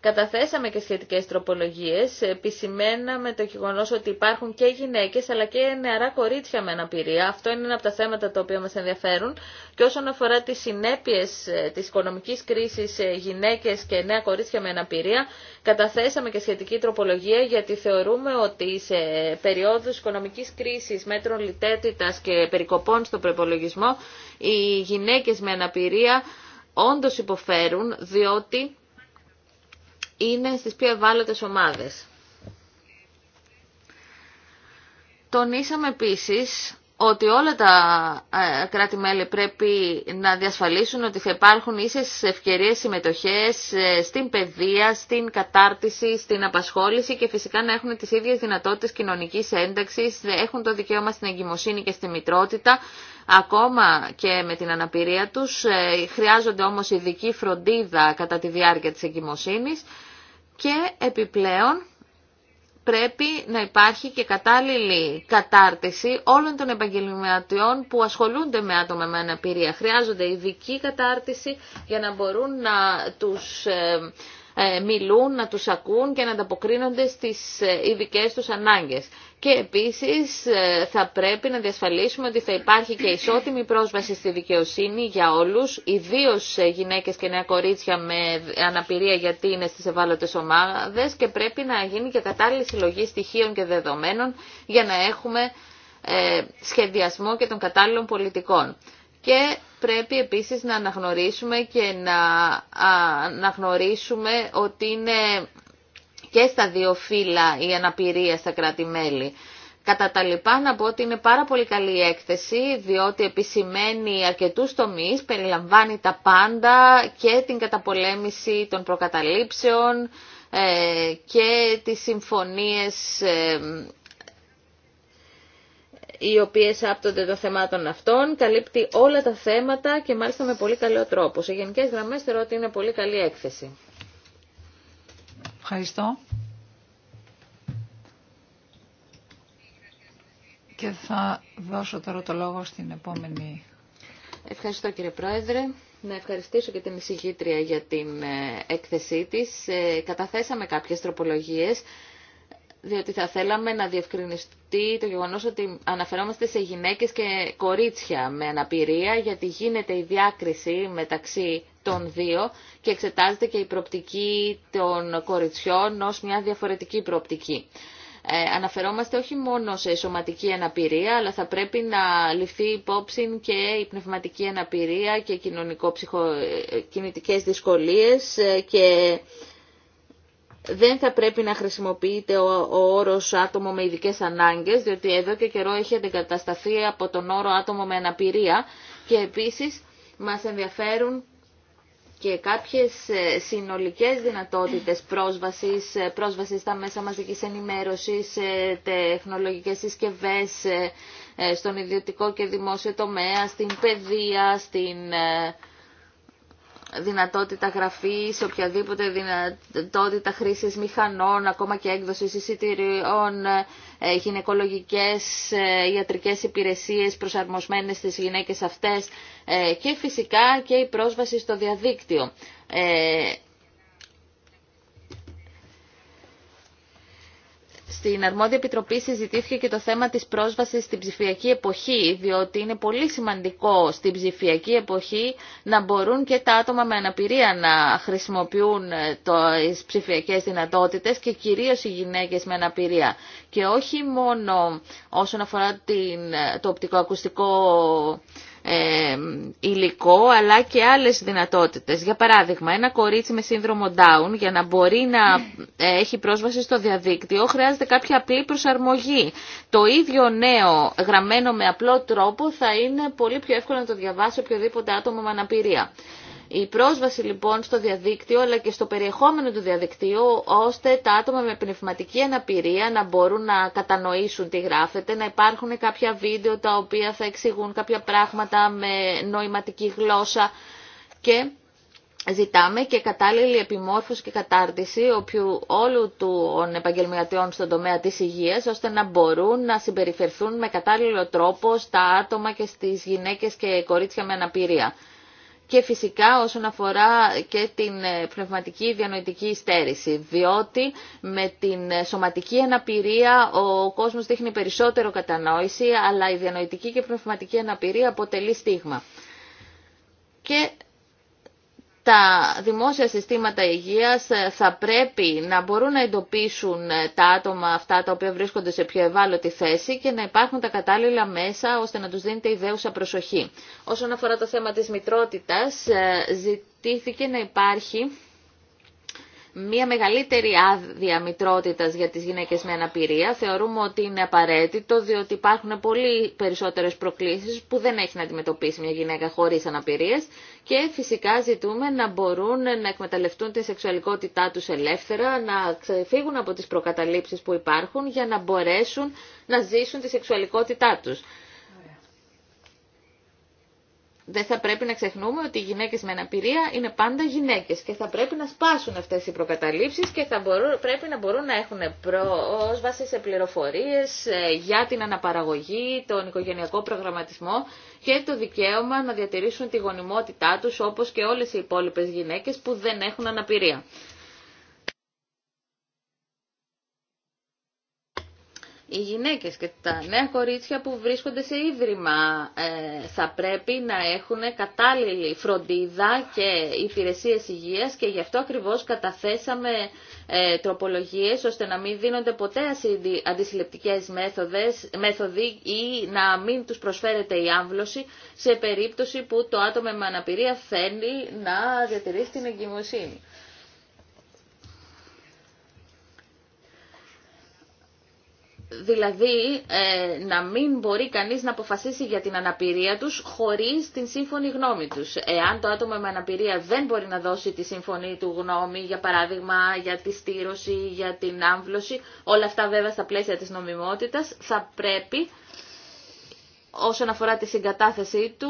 Καταθέσαμε και σχετικές τροπολογίες, επισημέναμε το γεγονό ότι υπάρχουν και γυναίκες αλλά και νεαρά κορίτσια με αναπηρία. Αυτό είναι ένα από τα θέματα τα οποία μας ενδιαφέρουν. Και όσον αφορά τις συνέπειες ε, της οικονομικής κρίσης ε, γυναίκες και νέα κορίτσια με αναπηρία, καταθέσαμε και σχετική τροπολογία γιατί θεωρούμε ότι σε περιόδους οικονομικής κρίσης, μέτρων λιτέτητας και περικοπών στον προπολογισμό, οι γυναίκες με αναπηρία όντω υποφέρουν διότι είναι στις πιο ευάλωτες ομάδες. Τονίσαμε επίσης ότι όλα τα ε, κράτη-μέλη πρέπει να διασφαλίσουν ότι θα υπάρχουν ίσες ευκαιρίες συμμετοχές ε, στην παιδεία, στην κατάρτιση, στην απασχόληση και φυσικά να έχουν τις ίδιες δυνατότητες κοινωνικής ένταξης, έχουν το δικαίωμα στην εγκυμοσύνη και στη μητρότητα, ακόμα και με την αναπηρία τους, ε, χρειάζονται όμως ειδική φροντίδα κατά τη διάρκεια της εγκυμοσύνης και επιπλέον πρέπει να υπάρχει και κατάλληλη κατάρτιση όλων των επαγγελματιών που ασχολούνται με άτομα με αναπηρία. Χρειάζονται ειδική κατάρτιση για να μπορούν να τους ε, ε, μιλούν, να τους ακούν και να ανταποκρίνονται στις ε, ειδικέ τους ανάγκες. Και επίσης ε, θα πρέπει να διασφαλίσουμε ότι θα υπάρχει και ισότιμη πρόσβαση στη δικαιοσύνη για όλους, ιδίως γυναίκες και νέα κορίτσια με αναπηρία γιατί είναι στις ευάλωτες ομάδες και πρέπει να γίνει και κατάλληλη συλλογή στοιχείων και δεδομένων για να έχουμε σχεδιασμό και των κατάλληλων πολιτικών. Και πρέπει επίσης να αναγνωρίσουμε και να αναγνωρίσουμε ότι είναι και στα δύο φύλλα η αναπηρία στα κράτη-μέλη. Κατά τα λοιπά να πω ότι είναι πάρα πολύ καλή η έκθεση διότι επισημαίνει αρκετούς τομείς, περιλαμβάνει τα πάντα και την καταπολέμηση των προκαταλήψεων ε, και τις συμφωνίες ε, οι οποίες άπτονται των θεμάτων αυτών, καλύπτει όλα τα θέματα και μάλιστα με πολύ καλό τρόπο. Σε γενικές γραμμές θεωρώ ότι είναι πολύ καλή έκθεση. Ευχαριστώ. Και θα δώσω τώρα το λόγο στην επόμενη. Ευχαριστώ κύριε Πρόεδρε. Να ευχαριστήσω και την εισηγήτρια για την ε, έκθεσή της. Ε, καταθέσαμε κάποιες τροπολογίες διότι θα θέλαμε να διευκρινιστεί το γεγονός ότι αναφερόμαστε σε γυναίκες και κορίτσια με αναπηρία, γιατί γίνεται η διάκριση μεταξύ των δύο και εξετάζεται και η προπτική των κοριτσιών ως μια διαφορετική προπτική. Ε, αναφερόμαστε όχι μόνο σε σωματική αναπηρία, αλλά θα πρέπει να ληφθεί υπόψη και η πνευματική αναπηρία και κοινωνικο-κινητικές ε, ε, δυσκολίες και δεν θα πρέπει να χρησιμοποιείται ο, ο όρος άτομο με ειδικές ανάγκες, διότι εδώ και καιρό έχει αντικατασταθεί από τον όρο άτομο με αναπηρία και επίσης μας ενδιαφέρουν και κάποιες ε, συνολικές δυνατότητες πρόσβασης, ε, πρόσβαση στα μέσα μαζικής ενημέρωσης, ε, τεχνολογικές συσκευές, στον ιδιωτικό και δημόσιο τομέα, στην παιδεία, στην δυνατότητα γραφής, οποιαδήποτε δυνατότητα χρήσης μηχανών, ακόμα και έκδοσης εισιτηριών, ε, γυναικολογικές ε, ιατρικές υπηρεσίες προσαρμοσμένες στις γυναίκες αυτές ε, και φυσικά και η πρόσβαση στο διαδίκτυο. Στην αρμόδια επιτροπή συζητήθηκε και το θέμα της πρόσβασης στην ψηφιακή εποχή, διότι είναι πολύ σημαντικό στην ψηφιακή εποχή να μπορούν και τα άτομα με αναπηρία να χρησιμοποιούν ε, τις ψηφιακές δυνατότητες και κυρίως οι γυναίκες με αναπηρία. Και όχι μόνο όσον αφορά την, ε, το οπτικοακουστικό ε, υλικό αλλά και άλλες δυνατότητες. Για παράδειγμα, ένα κορίτσι με σύνδρομο Down για να μπορεί να ε, έχει πρόσβαση στο διαδίκτυο χρειάζεται κάποια απλή προσαρμογή. Το ίδιο νέο γραμμένο με απλό τρόπο θα είναι πολύ πιο εύκολο να το διαβάσει οποιοδήποτε άτομο με αναπηρία. Η πρόσβαση λοιπόν στο διαδίκτυο αλλά και στο περιεχόμενο του διαδικτύου ώστε τα άτομα με πνευματική αναπηρία να μπορούν να κατανοήσουν τι γράφεται, να υπάρχουν κάποια βίντεο τα οποία θα εξηγούν κάποια πράγματα με νοηματική γλώσσα και ζητάμε και κατάλληλη επιμόρφωση και κατάρτιση όποιου όλου των επαγγελματιών στον τομέα της υγείας, ώστε να μπορούν να συμπεριφερθούν με κατάλληλο τρόπο στα άτομα και στις γυναίκες και κορίτσια με αναπηρία και φυσικά όσον αφορά και την ε, πνευματική διανοητική στέρηση, διότι με την ε, σωματική αναπηρία ο κόσμος δείχνει περισσότερο κατανόηση, αλλά η διανοητική και πνευματική αναπηρία αποτελεί στίγμα. Και τα δημόσια συστήματα υγείας ε, θα πρέπει να μπορούν να εντοπίσουν ε, τα άτομα αυτά τα οποία βρίσκονται σε πιο ευάλωτη θέση και να υπάρχουν τα κατάλληλα μέσα ώστε να τους δίνεται ιδέουσα προσοχή. Όσον αφορά το θέμα της μητρότητας, ε, ζητήθηκε να υπάρχει μια μεγαλύτερη άδεια μητρότητα για τις γυναίκες με αναπηρία. Θεωρούμε ότι είναι απαραίτητο διότι υπάρχουν πολύ περισσότερες προκλήσεις που δεν έχει να αντιμετωπίσει μια γυναίκα χωρίς αναπηρίες και φυσικά ζητούμε να μπορούν να εκμεταλλευτούν τη σεξουαλικότητά τους ελεύθερα, να ξεφύγουν από τις προκαταλήψει που υπάρχουν για να μπορέσουν να ζήσουν τη σεξουαλικότητά του δεν θα πρέπει να ξεχνούμε ότι οι γυναίκε με αναπηρία είναι πάντα γυναίκες και θα πρέπει να σπάσουν αυτές οι προκαταλήψεις και θα μπορούν, πρέπει να μπορούν να έχουν πρόσβαση σε πληροφορίες ε, για την αναπαραγωγή, τον οικογενειακό προγραμματισμό και το δικαίωμα να διατηρήσουν τη γονιμότητά τους όπως και όλες οι υπόλοιπε γυναίκε που δεν έχουν αναπηρία. οι γυναίκες και τα νέα κορίτσια που βρίσκονται σε ίδρυμα ε, θα πρέπει να έχουν κατάλληλη φροντίδα και υπηρεσίες υγείας και γι' αυτό ακριβώς καταθέσαμε ε, τροπολογίες ώστε να μην δίνονται ποτέ αντισυλλεπτικές μέθοδες, μέθοδοι ή να μην τους προσφέρεται η άμβλωση σε περίπτωση που το άτομο με αναπηρία θέλει να διατηρήσει την εγκυμοσύνη. Δηλαδή ε, να μην μπορεί κανείς να αποφασίσει για την αναπηρία τους χωρίς την σύμφωνη γνώμη τους. Εάν το άτομο με αναπηρία δεν μπορεί να δώσει τη σύμφωνη του γνώμη, για παράδειγμα για τη στήρωση, για την άμβλωση, όλα αυτά βέβαια στα πλαίσια της νομιμότητας, θα πρέπει όσον αφορά τη συγκατάθεσή του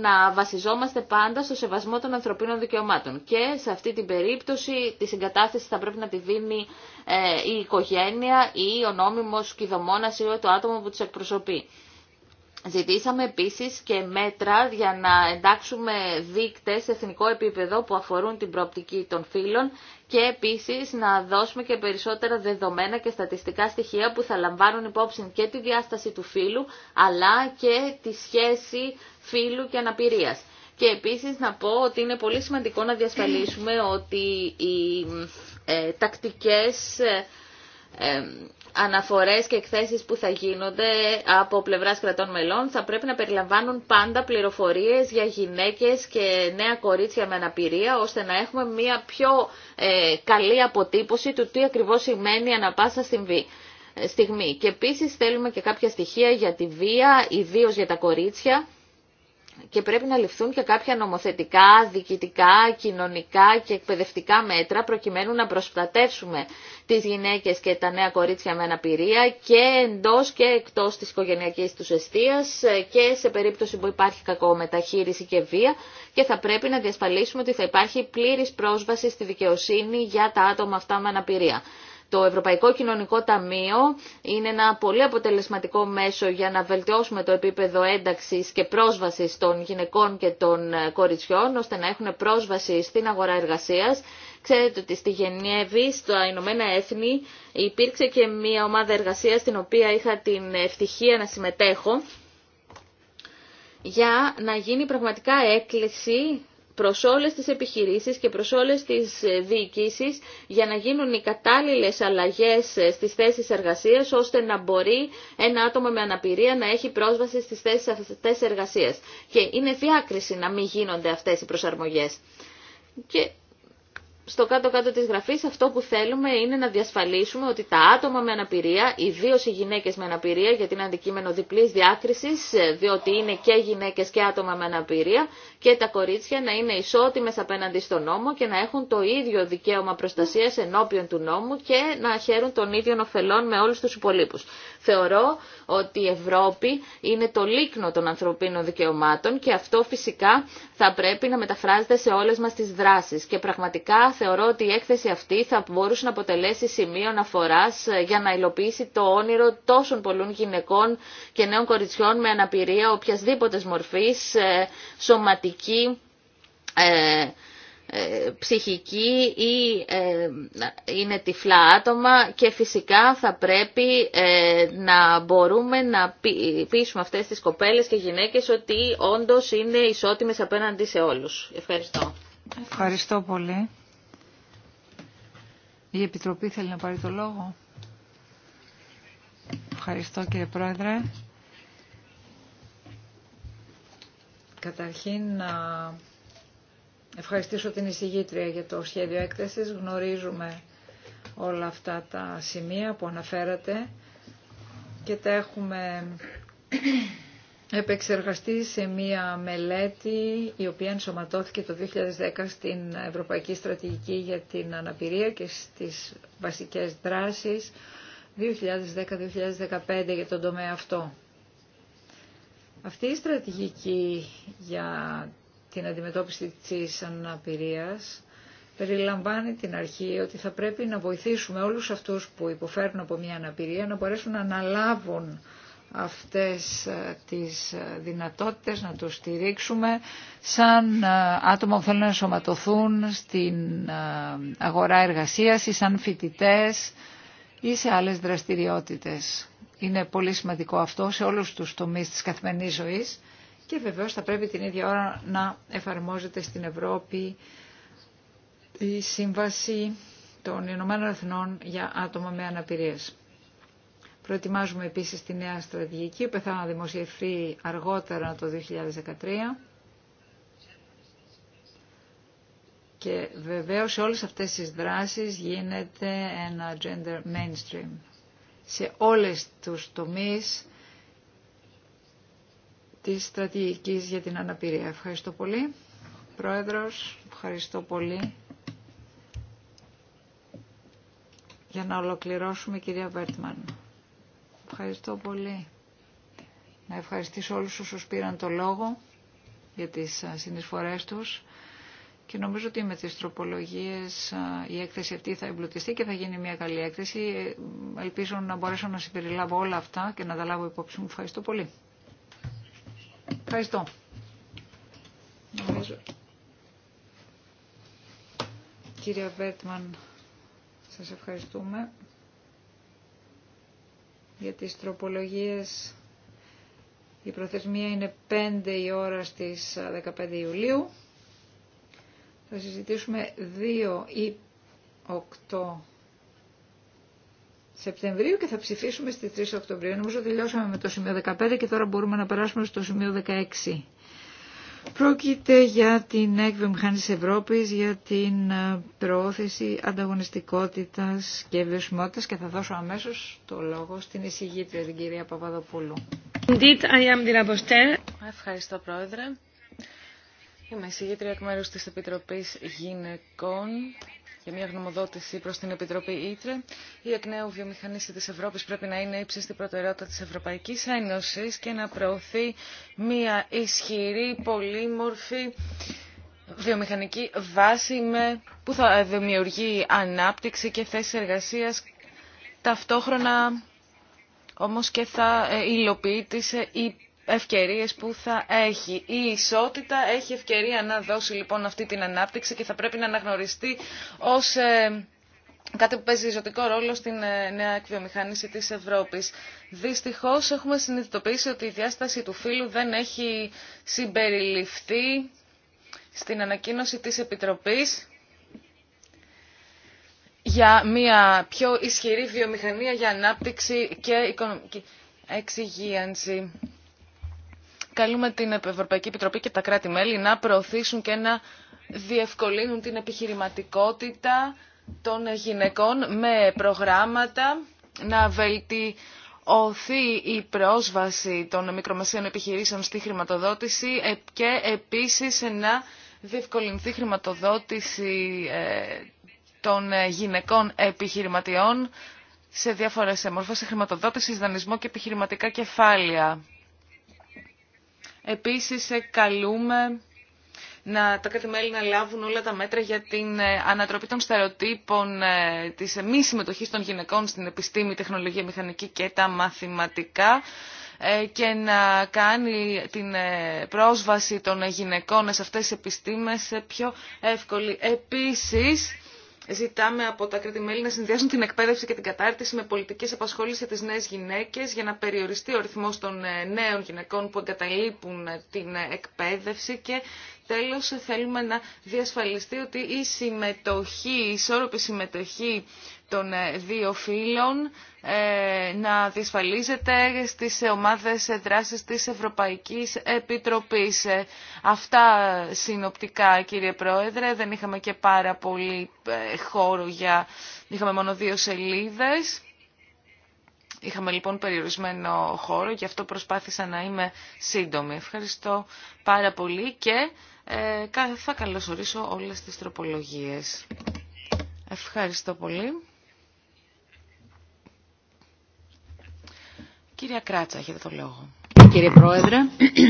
να βασιζόμαστε πάντα στο σεβασμό των ανθρωπίνων δικαιωμάτων. Και σε αυτή την περίπτωση τη συγκατάθεση θα πρέπει να τη δίνει ε, η οικογένεια ή ο νόμιμος κηδομόνας ή το άτομο που τους εκπροσωπεί. Ζητήσαμε επίσης και μέτρα για να εντάξουμε δείκτες σε εθνικό επίπεδο που αφορούν την προοπτική των φύλων και επίσης να δώσουμε και περισσότερα δεδομένα και στατιστικά στοιχεία που θα λαμβάνουν υπόψη και τη διάσταση του φύλου αλλά και τη σχέση φύλου και αναπηρίας. Και επίσης να πω ότι είναι πολύ σημαντικό να διασφαλίσουμε ότι οι ε, τακτικές... Ε, ε, αναφορές και εκθέσεις που θα γίνονται από πλευράς κρατών μελών θα πρέπει να περιλαμβάνουν πάντα πληροφορίες για γυναίκες και νέα κορίτσια με αναπηρία ώστε να έχουμε μια πιο ε, καλή αποτύπωση του τι ακριβώς σημαίνει ανα πάσα ε, στιγμή. Και επίσης θέλουμε και κάποια στοιχεία για τη βία, ιδίως για τα κορίτσια και πρέπει να ληφθούν και κάποια νομοθετικά, διοικητικά, κοινωνικά και εκπαιδευτικά μέτρα προκειμένου να προστατεύσουμε τις γυναίκες και τα νέα κορίτσια με αναπηρία και εντός και εκτός της οικογενειακής τους αιστείας ε, και σε περίπτωση που υπάρχει κακό μεταχείριση και βία και θα πρέπει να διασφαλίσουμε ότι θα υπάρχει πλήρης πρόσβαση στη δικαιοσύνη για τα άτομα αυτά με αναπηρία. Το Ευρωπαϊκό Κοινωνικό Ταμείο είναι ένα πολύ αποτελεσματικό μέσο για να βελτιώσουμε το επίπεδο ένταξης και πρόσβασης των γυναικών και των ε, κοριτσιών, ώστε να έχουν πρόσβαση στην αγορά εργασίας. Ξέρετε ότι στη Γενέβη, στα Ηνωμένα Έθνη, υπήρξε και μια ομάδα εργασίας στην οποία είχα την ευτυχία να συμμετέχω για να γίνει πραγματικά έκκληση προς όλες τις επιχειρήσεις και προς όλες τις ε, διοικήσεις για να γίνουν οι κατάλληλες αλλαγές ε, στις θέσεις εργασίας ώστε να μπορεί ένα άτομο με αναπηρία να έχει πρόσβαση στις θέσεις αυτές εργασίας. Και είναι διάκριση να μην γίνονται αυτές οι προσαρμογές στο κάτω-κάτω της γραφής αυτό που θέλουμε είναι να διασφαλίσουμε ότι τα άτομα με αναπηρία, ιδίω οι γυναίκες με αναπηρία, γιατί είναι αντικείμενο διπλής διάκρισης, ε, διότι είναι και γυναίκες και άτομα με αναπηρία, και τα κορίτσια να είναι ισότιμες απέναντι στον νόμο και να έχουν το ίδιο δικαίωμα προστασίας ενώπιον του νόμου και να χαίρουν τον ίδιων ωφελών με όλους τους υπολείπους. Θεωρώ ότι η Ευρώπη είναι το λίκνο των ανθρωπίνων δικαιωμάτων και αυτό φυσικά θα πρέπει να μεταφράζεται σε όλες μας τις δράσεις και πραγματικά θεωρώ ότι η έκθεση αυτή θα μπορούσε να αποτελέσει σημείο αναφορά ε, για να υλοποιήσει το όνειρο τόσων πολλών γυναικών και νέων κοριτσιών με αναπηρία οποιασδήποτε μορφής, ε, σωματική, ε, ψυχική ή είναι τυφλά άτομα και φυσικά θα πρέπει να μπορούμε να πείσουμε αυτές τις κοπέλες και γυναίκες ότι όντως είναι ισότιμες απέναντι σε όλους. Ευχαριστώ. Ευχαριστώ πολύ. Η Επιτροπή θέλει να πάρει το λόγο. Ευχαριστώ κύριε Πρόεδρε. Καταρχήν να ευχαριστήσω την εισηγήτρια για το σχέδιο έκθεσης. Γνωρίζουμε όλα αυτά τα σημεία που αναφέρατε και τα έχουμε επεξεργαστεί σε μία μελέτη η οποία ενσωματώθηκε το 2010 στην Ευρωπαϊκή Στρατηγική για την Αναπηρία και στις βασικές δράσεις 2010-2015 για τον τομέα αυτό. Αυτή η στρατηγική για την αντιμετώπιση της αναπηρίας περιλαμβάνει την αρχή ότι θα πρέπει να βοηθήσουμε όλους αυτούς που υποφέρουν από μια αναπηρία να μπορέσουν να αναλάβουν αυτές ε, τις ε, δυνατότητες, να τους στηρίξουμε σαν ε, άτομα που θέλουν να ενσωματωθούν στην αγορά εργασίας ή σαν φοιτητές ή σε άλλες δραστηριότητες. Είναι πολύ σημαντικό αυτό σε όλους τους τομείς της καθημερινής ζωής και βεβαίως θα πρέπει την ίδια ώρα να εφαρμόζεται στην Ευρώπη η Σύμβαση των Ηνωμένων Εθνών για άτομα με αναπηρίες. Προετοιμάζουμε επίσης τη νέα στρατηγική που θα δημοσιευθεί αργότερα το 2013. Και βεβαίως σε όλες αυτές τις δράσεις γίνεται ένα gender mainstream. Σε όλες τους τομείς της στρατηγικής για την αναπηρία. Ευχαριστώ πολύ. Πρόεδρος, ευχαριστώ πολύ. Για να ολοκληρώσουμε, κυρία Βέρτμαν. Ευχαριστώ πολύ. Να ευχαριστήσω όλους όσους πήραν το λόγο για τις συνεισφορές τους και νομίζω ότι με τις τροπολογίες η έκθεση αυτή θα εμπλουτιστεί και θα γίνει μια καλή έκθεση. Ε, ελπίζω να μπορέσω να συμπεριλάβω όλα αυτά και να τα λάβω υπόψη μου. Ευχαριστώ πολύ. Ευχαριστώ. Νομίζω. Κύριε Βέρτμαν, σας ευχαριστούμε για τις τροπολογίες. Η προθεσμία είναι 5 η ώρα στις 15 ε, Ιουλίου. Θα συζητήσουμε 2 ή 8 Σεπτεμβρίου και θα ψηφίσουμε στις 3 Οκτωβρίου. Νομίζω τελειώσαμε με το σημείο 15 και τώρα μπορούμε να περάσουμε στο σημείο 16. Πρόκειται για την εκβιομηχάνηση Ευρώπης, για την ε, προώθηση ανταγωνιστικότητας και βιωσιμότητας και θα δώσω αμέσως το λόγο στην εισηγήτρια, την κυρία Παπαδοπούλου. Ευχαριστώ, Πρόεδρε. Είμαι εισηγήτρια εκ μέρους της Επιτροπής Γυναικών για μια γνωμοδότηση προς την Επιτροπή Ίτρε, Η εκ νέου βιομηχανίση της Ευρώπης πρέπει να είναι ύψιστη προτεραιότητα της Ευρωπαϊκής Ένωσης και να προωθεί μια ισχυρή, πολύμορφη βιομηχανική βάση με, που θα δημιουργεί ανάπτυξη και θέσεις εργασίας ταυτόχρονα όμως και θα ε, υλοποιεί τις ευκαιρίες που θα έχει. Η ισότητα έχει ευκαιρία να δώσει λοιπόν αυτή την ανάπτυξη και θα πρέπει να αναγνωριστεί ως ε, κάτι που παίζει ζωτικό ρόλο στην ε, νέα εκβιομηχάνηση της Ευρώπης. Δυστυχώς έχουμε συνειδητοποιήσει ότι η διάσταση του φύλου δεν έχει συμπεριληφθεί στην ανακοίνωση της Επιτροπής για μια πιο ισχυρή βιομηχανία για ανάπτυξη και εξυγίανση καλούμε την Ευρωπαϊκή Επιτροπή και τα κράτη-μέλη να προωθήσουν και να διευκολύνουν την επιχειρηματικότητα των γυναικών με προγράμματα, να βελτιωθεί η πρόσβαση των μικρομεσαίων επιχειρήσεων στη χρηματοδότηση ε, και επίσης να διευκολυνθεί η χρηματοδότηση ε, των ε, γυναικών επιχειρηματιών σε διάφορες μορφές χρηματοδότησης, δανεισμό και επιχειρηματικά κεφάλαια. Επίσης ε, καλούμε να, τα κρατη να λάβουν όλα τα μέτρα για την ε, ανατροπή των στερεοτύπων ε, της μη συμμετοχή των γυναικών στην επιστήμη, τεχνολογία, μηχανική και τα μαθηματικά και να κάνει την πρόσβαση των γυναικών σε αυτές τις επιστήμες πιο εύκολη. Επίσης, Ζητάμε από τα κρατημέλη να συνδυάσουν την εκπαίδευση και την κατάρτιση με πολιτικέ απασχόλησει για τι νέε γυναίκε για να περιοριστεί ο ρυθμό των ε, νέων γυναικών που εγκαταλείπουν ε, την ε, εκπαίδευση και Τέλος, θέλουμε να διασφαλιστεί ότι η συμμετοχή, η ισόρροπη συμμετοχή των ε, δύο φύλων ε, να διασφαλίζεται στις ομάδες δράσης της Ευρωπαϊκής Επιτροπής. Ε, αυτά συνοπτικά κύριε Πρόεδρε, δεν είχαμε και πάρα πολύ χώρο για... Είχαμε μόνο δύο σελίδες. Είχαμε λοιπόν περιορισμένο χώρο, γι' αυτό προσπάθησα να είμαι σύντομη. Ευχαριστώ πάρα πολύ και ε, θα καλωσορίσω όλες τις τροπολογίες. Ευχαριστώ πολύ. Κυρία Κράτσα, έχετε το λόγο. Κύριε Πρόεδρε,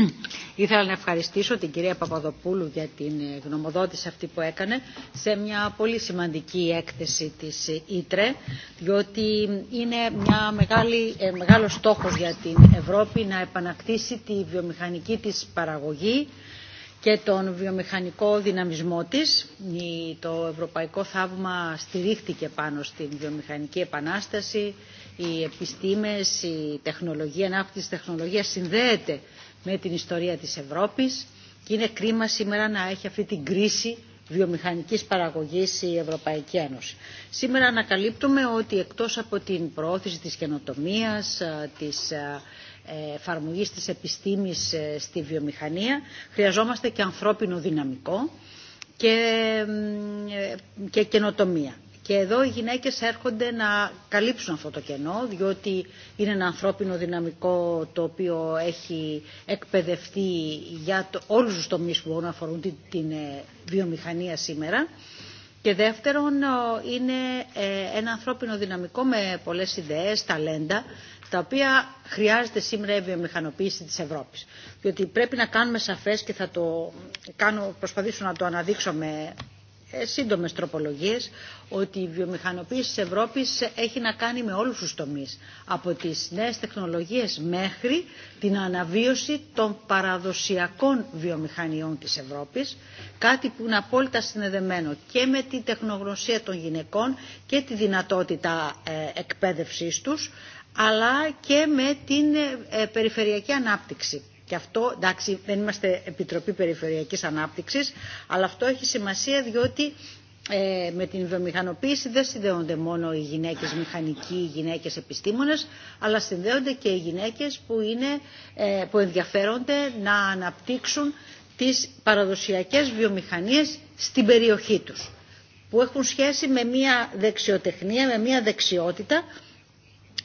<clears throat> ήθελα να ευχαριστήσω την κυρία Παπαδοπούλου για την γνωμοδότηση αυτή που έκανε σε μια πολύ σημαντική έκθεση της Ήτρε, διότι είναι μια μεγάλη, ε, μεγάλος στόχος για την Ευρώπη να επανακτήσει τη βιομηχανική της παραγωγή και τον βιομηχανικό δυναμισμό της. Το ευρωπαϊκό θαύμα στηρίχτηκε πάνω στην βιομηχανική επανάσταση. Οι επιστήμες, η τεχνολογία, η ανάπτυξη της τεχνολογίας συνδέεται με την ιστορία της Ευρώπης και είναι κρίμα σήμερα να έχει αυτή την κρίση βιομηχανικής παραγωγής η Ευρωπαϊκή Ένωση. Σήμερα ανακαλύπτουμε ότι εκτός από την προώθηση της καινοτομίας, ε, της ε, ε, εφαρμογής της επιστήμης ε, στη βιομηχανία. Χρειαζόμαστε και ανθρώπινο δυναμικό και, ε, και καινοτομία. Και εδώ οι γυναίκες έρχονται να καλύψουν αυτό το κενό, διότι είναι ένα ανθρώπινο δυναμικό το οποίο έχει εκπαιδευτεί για το, όλους τους τομείς που μπορούν να αφορούν την, την βιομηχανία σήμερα. Και δεύτερον, είναι ένα ανθρώπινο δυναμικό με πολλές ιδέες, ταλέντα, τα οποία χρειάζεται σήμερα η βιομηχανοποίηση της Ευρώπης. Διότι πρέπει να κάνουμε σαφές και θα το κάνω, προσπαθήσω να το αναδείξω με ε, σύντομε τροπολογίε ότι η βιομηχανοποίηση της Ευρώπης έχει να κάνει με όλους τους τομείς Από τις νέες τεχνολογίες μέχρι την αναβίωση των παραδοσιακών βιομηχανιών της Ευρώπης Κάτι που είναι απόλυτα συνδεδεμένο και με την τεχνογνωσία των γυναικών και τη δυνατότητα ε, εκπαίδευσή τους αλλά και με την ε, ε, περιφερειακή ανάπτυξη. Και αυτό, εντάξει, δεν είμαστε Επιτροπή Περιφερειακής Ανάπτυξης, αλλά αυτό έχει σημασία διότι ε, με την βιομηχανοποίηση δεν συνδέονται μόνο οι γυναίκες μηχανικοί, οι γυναίκες επιστήμονες, αλλά συνδέονται και οι γυναίκες που, είναι, που ενδιαφέρονται να αναπτύξουν τις παραδοσιακές βιομηχανίες στην περιοχή τους, που έχουν σχέση με μια δεξιοτεχνία, με μια δεξιότητα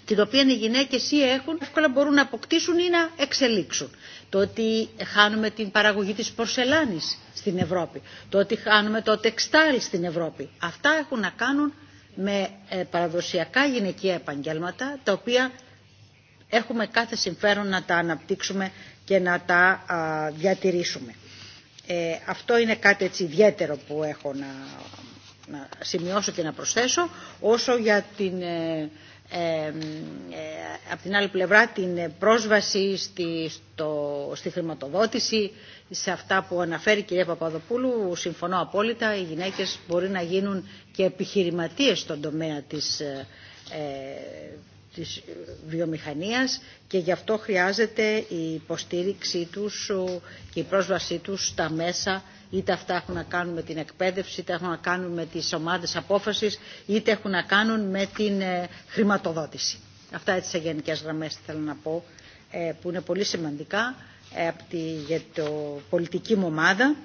την οποία οι γυναίκες ή έχουν, εύκολα μπορούν να αποκτήσουν ή να εξελίξουν. Το ότι χάνουμε την παραγωγή της πορσελάνης στην Ευρώπη, το ότι χάνουμε το τεξτάρι στην Ευρώπη. Αυτά έχουν να κάνουν με ε, παραδοσιακά γυναικεία επαγγέλματα, τα οποία έχουμε κάθε συμφέρον να τα αναπτύξουμε και να τα διατηρήσουμε. Ε, αυτό είναι κάτι έτσι ιδιαίτερο που έχω να, σημειώσω και να προσθέσω. Όσο για την ε, ε, από την άλλη πλευρά την πρόσβαση στη, στο, στη χρηματοδότηση σε αυτά που αναφέρει η κυρία Παπαδοπούλου συμφωνώ απόλυτα οι γυναίκες μπορεί να γίνουν και επιχειρηματίες στον τομέα της, ε, ε, της βιομηχανίας και γι' αυτό χρειάζεται η υποστήριξή τους και η πρόσβασή τους στα μέσα είτε αυτά έχουν να κάνουν με την εκπαίδευση, είτε έχουν να κάνουν με τις ομάδες απόφασης, είτε έχουν να κάνουν με την ε, χρηματοδότηση. Αυτά έτσι σε γενικές γραμμές θέλω να πω, ε, που είναι πολύ σημαντικά ε, για το πολιτική μου ομάδα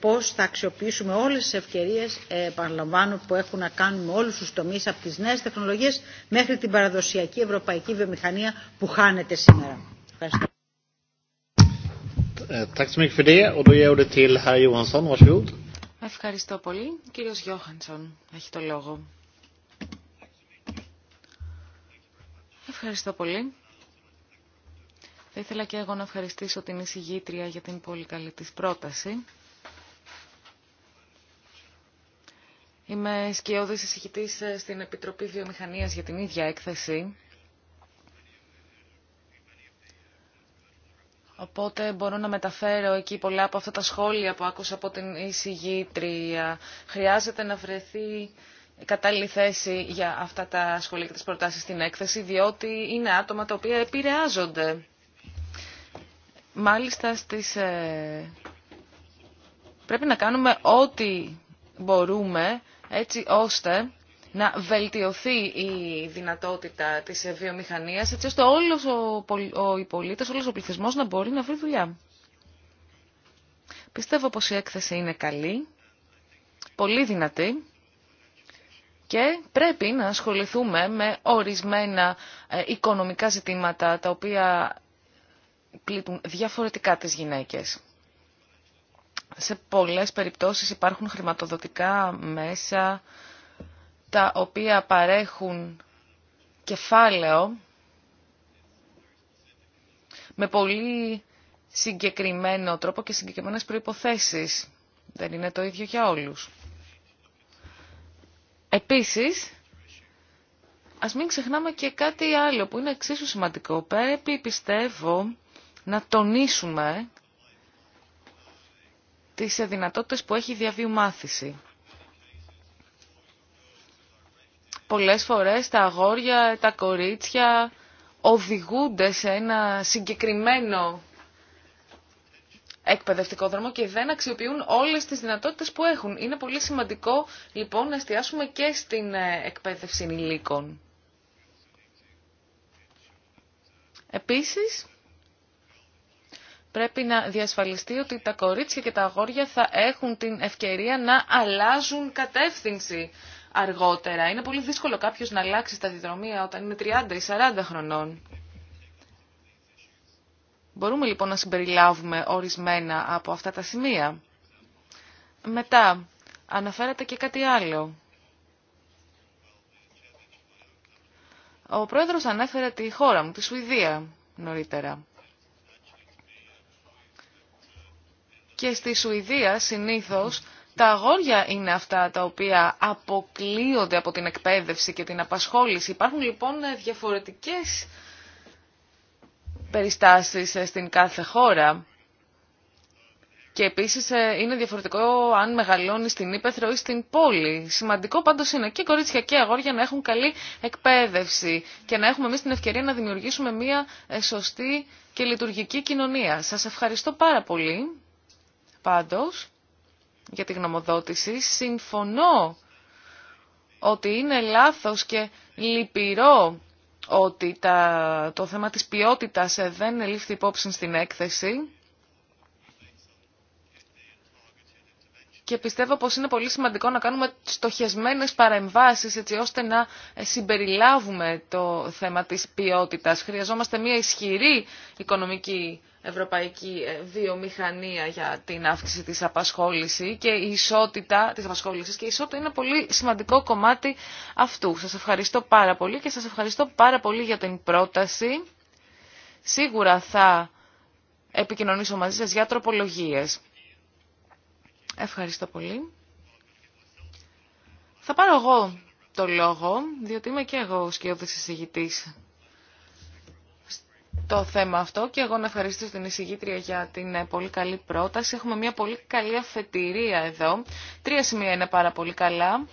πώς θα αξιοποιήσουμε όλες τις ευκαιρίες επαναλαμβάνω, που έχουν να κάνουν με όλους τους τομείς από τις νέες τεχνολογίες μέχρι την παραδοσιακή ευρωπαϊκή βιομηχανία που χάνεται σήμερα. Ευχαριστώ. Ευχαριστώ πολύ. κύριος Γιώχανσον έχει το λόγο. Ευχαριστώ πολύ. Θα ήθελα και εγώ να ευχαριστήσω την εισηγήτρια για την πολύ καλή της πρόταση. Είμαι σκιώδης εισηγητής ε, στην Επιτροπή Βιομηχανίας για την ίδια έκθεση Οπότε μπορώ να μεταφέρω εκεί πολλά από αυτά τα σχόλια που άκουσα από την εισηγήτρια. Χρειάζεται να βρεθεί κατάλληλη θέση για αυτά τα σχόλια και τις προτάσεις στην έκθεση, διότι είναι άτομα τα οποία επηρεάζονται. Μάλιστα στις... Ε, πρέπει να κάνουμε ό,τι μπορούμε έτσι ώστε να βελτιωθεί η δυνατότητα της βιομηχανίας, έτσι ώστε όλος ο πολίτης, όλος ο πληθυσμός να μπορεί να βρει δουλειά. Πιστεύω πως η έκθεση είναι καλή, πολύ δυνατή και πρέπει να ασχοληθούμε με ορισμένα ε, οικονομικά ζητήματα τα οποία πλήττουν διαφορετικά τις γυναίκες. Σε πολλές περιπτώσεις υπάρχουν χρηματοδοτικά μέσα τα οποία παρέχουν κεφάλαιο με πολύ συγκεκριμένο τρόπο και συγκεκριμένες προϋποθέσεις. Δεν είναι το ίδιο για όλους. Επίσης, ας μην ξεχνάμε και κάτι άλλο που είναι εξίσου σημαντικό. Πρέπει, πιστεύω, να τονίσουμε τις δυνατότητες που έχει η διαβίου μάθηση. πολλές φορές τα αγόρια, τα κορίτσια οδηγούνται σε ένα συγκεκριμένο εκπαιδευτικό δρόμο και δεν αξιοποιούν όλες τις δυνατότητες που έχουν. Είναι πολύ σημαντικό λοιπόν να εστιάσουμε και στην ε, εκπαίδευση ενηλίκων. Επίσης, πρέπει να διασφαλιστεί ότι τα κορίτσια και τα αγόρια θα έχουν την ευκαιρία να αλλάζουν κατεύθυνση αργότερα. Είναι πολύ δύσκολο κάποιος να αλλάξει διδρομία όταν είναι 30 ή 40 χρονών. Μπορούμε λοιπόν να συμπεριλάβουμε ορισμένα από αυτά τα σημεία. Μετά, αναφέρατε και κάτι άλλο. Ο πρόεδρος ανέφερε τη χώρα μου, τη Σουηδία, νωρίτερα. Και στη Σουηδία συνήθως τα αγόρια είναι αυτά τα οποία αποκλείονται από την εκπαίδευση και την απασχόληση. Υπάρχουν λοιπόν διαφορετικές περιστάσεις ε, στην κάθε χώρα. Και επίσης ε, είναι διαφορετικό αν μεγαλώνει στην Ήπεθρο ή στην πόλη. Σημαντικό πάντως είναι και κορίτσια και αγόρια να έχουν καλή εκπαίδευση και να έχουμε εμείς την ευκαιρία να δημιουργήσουμε μια ε, σωστή και λειτουργική κοινωνία. Σας ευχαριστώ πάρα πολύ πάντως για τη γνωμοδότηση. Συμφωνώ ότι είναι λάθος και λυπηρό ότι τα, το θέμα της ποιότητας ε, δεν λήφθη υπόψη στην έκθεση. και πιστεύω πως είναι πολύ σημαντικό να κάνουμε στοχεσμένες παρεμβάσεις έτσι ώστε να ε, συμπεριλάβουμε το θέμα της ποιότητας. Χρειαζόμαστε μια ισχυρή οικονομική ευρωπαϊκή ε, βιομηχανία για την αύξηση της απασχόλησης και η ισότητα της απασχόλησης και η ισότητα είναι πολύ σημαντικό κομμάτι αυτού. Σας ευχαριστώ πάρα πολύ και σας ευχαριστώ πάρα πολύ για την πρόταση. Σίγουρα θα επικοινωνήσω μαζί σας για τροπολογίες. Ευχαριστώ πολύ. Θα πάρω εγώ το λόγο, διότι είμαι και εγώ σκιώδης εισηγητής το θέμα αυτό και εγώ να ευχαριστήσω την εισηγήτρια για την ε, πολύ καλή πρόταση. Έχουμε μια πολύ καλή αφετηρία εδώ. Τρία σημεία είναι πάρα πολύ καλά.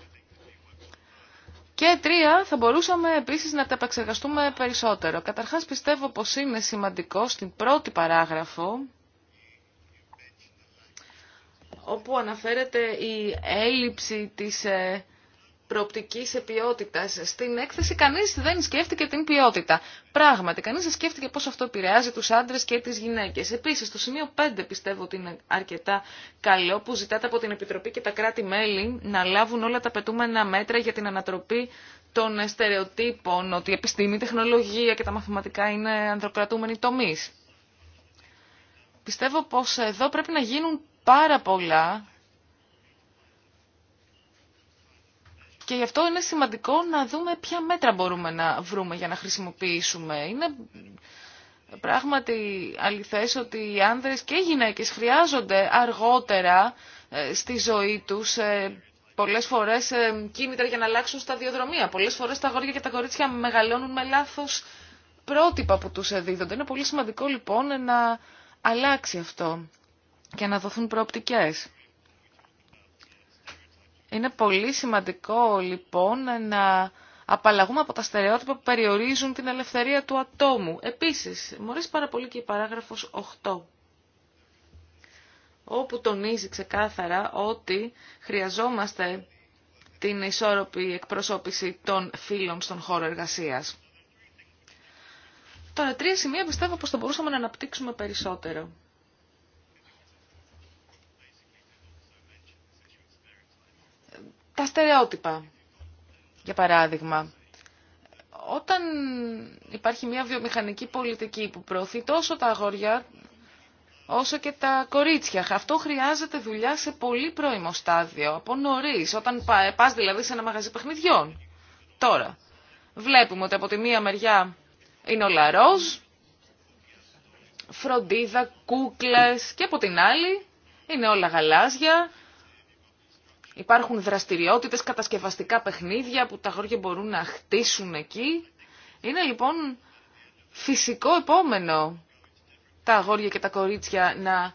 Και τρία θα μπορούσαμε επίσης να τα επεξεργαστούμε περισσότερο. Καταρχάς πιστεύω πως είναι σημαντικό στην πρώτη παράγραφο όπου αναφέρεται η έλλειψη της ε, προοπτικής ποιότητας. Στην έκθεση κανείς δεν σκέφτηκε την ποιότητα. Πράγματι, κανείς δεν σκέφτηκε πώς αυτό επηρεάζει τους άντρες και τις γυναίκες. Επίσης, το σημείο 5 πιστεύω ότι είναι αρκετά καλό που ζητάτε από την Επιτροπή και τα κράτη-μέλη να λάβουν όλα τα πετούμενα μέτρα για την ανατροπή των στερεοτύπων ότι η επιστήμη, η τεχνολογία και τα μαθηματικά είναι ανδροκρατούμενοι τομείς. Πιστεύω πως εδώ πρέπει να γίνουν πάρα πολλά και γι' αυτό είναι σημαντικό να δούμε ποια μέτρα μπορούμε να βρούμε για να χρησιμοποιήσουμε. Είναι πράγματι αληθές ότι οι άνδρες και οι γυναίκες χρειάζονται αργότερα ε, στη ζωή τους ε, πολλές φορές ε, κίνητρα για να αλλάξουν διοδρομία. Πολλές φορές τα αγόρια και τα κορίτσια μεγαλώνουν με λάθος πρότυπα που τους δίδονται. Είναι πολύ σημαντικό λοιπόν να αλλάξει αυτό και να δοθούν προοπτικές. Είναι πολύ σημαντικό λοιπόν να απαλλαγούμε από τα στερεότυπα που περιορίζουν την ελευθερία του ατόμου. Επίσης, μου αρέσει πάρα πολύ και η παράγραφος 8 όπου τονίζει ξεκάθαρα ότι χρειαζόμαστε την ισόρροπη εκπροσώπηση των φίλων στον χώρο εργασίας. Τώρα, τρία σημεία πιστεύω πως θα μπορούσαμε να αναπτύξουμε περισσότερο. τα στερεότυπα. Για παράδειγμα, όταν υπάρχει μια βιομηχανική πολιτική που προωθεί τόσο τα αγόρια όσο και τα κορίτσια. Αυτό χρειάζεται δουλειά σε πολύ πρώιμο στάδιο, από νωρί, όταν πας δηλαδή σε ένα μαγαζί παιχνιδιών. Τώρα, βλέπουμε ότι από τη μία μεριά είναι όλα ροζ, φροντίδα, κούκλες και από την άλλη είναι όλα γαλάζια, Υπάρχουν δραστηριότητες, κατασκευαστικά παιχνίδια που τα γόρια μπορούν να χτίσουν εκεί. Είναι λοιπόν φυσικό επόμενο τα αγόρια και τα κορίτσια να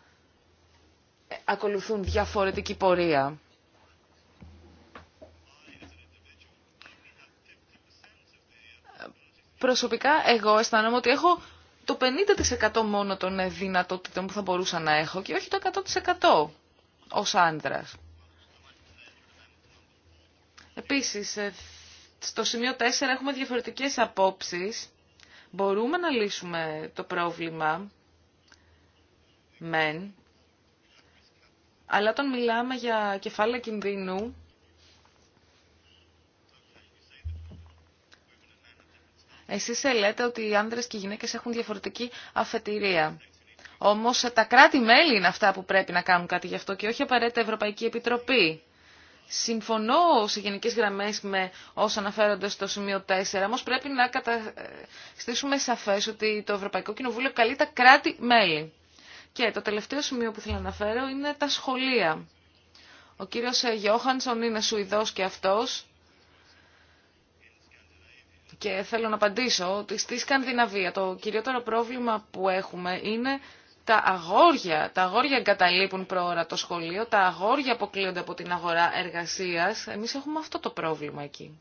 ε, ακολουθούν διαφορετική πορεία. Προσωπικά εγώ αισθάνομαι ότι έχω το 50% μόνο των δυνατότητων που θα μπορούσα να έχω και όχι το 100% ως άντρας. Επίσης, ε, στο σημείο 4 έχουμε διαφορετικές απόψεις. Μπορούμε να λύσουμε το πρόβλημα, μεν, αλλά όταν μιλάμε για κεφάλαια κινδύνου, εσείς ε, λέτε ότι οι άνδρες και οι γυναίκες έχουν διαφορετική αφετηρία. Όμως ε, τα κράτη-μέλη είναι αυτά που πρέπει να κάνουν κάτι γι' αυτό και όχι απαραίτητα Ευρωπαϊκή Επιτροπή. Συμφωνώ σε γενικές γραμμές με όσα αναφέρονται στο σημείο 4, όμως πρέπει να καταστήσουμε σαφές ότι το Ευρωπαϊκό Κοινοβούλιο καλεί τα κράτη-μέλη. Και το τελευταίο σημείο που θέλω να αναφέρω είναι τα σχολεία. Ο κύριος Γιώχανσον είναι Σουηδός και αυτός και θέλω να απαντήσω ότι στη Σκανδιναβία το κυριότερο πρόβλημα που έχουμε είναι τα αγόρια. Τα αγόρια εγκαταλείπουν προώρα το σχολείο, τα αγόρια αποκλείονται από την αγορά εργασίας. Εμείς έχουμε αυτό το πρόβλημα εκεί.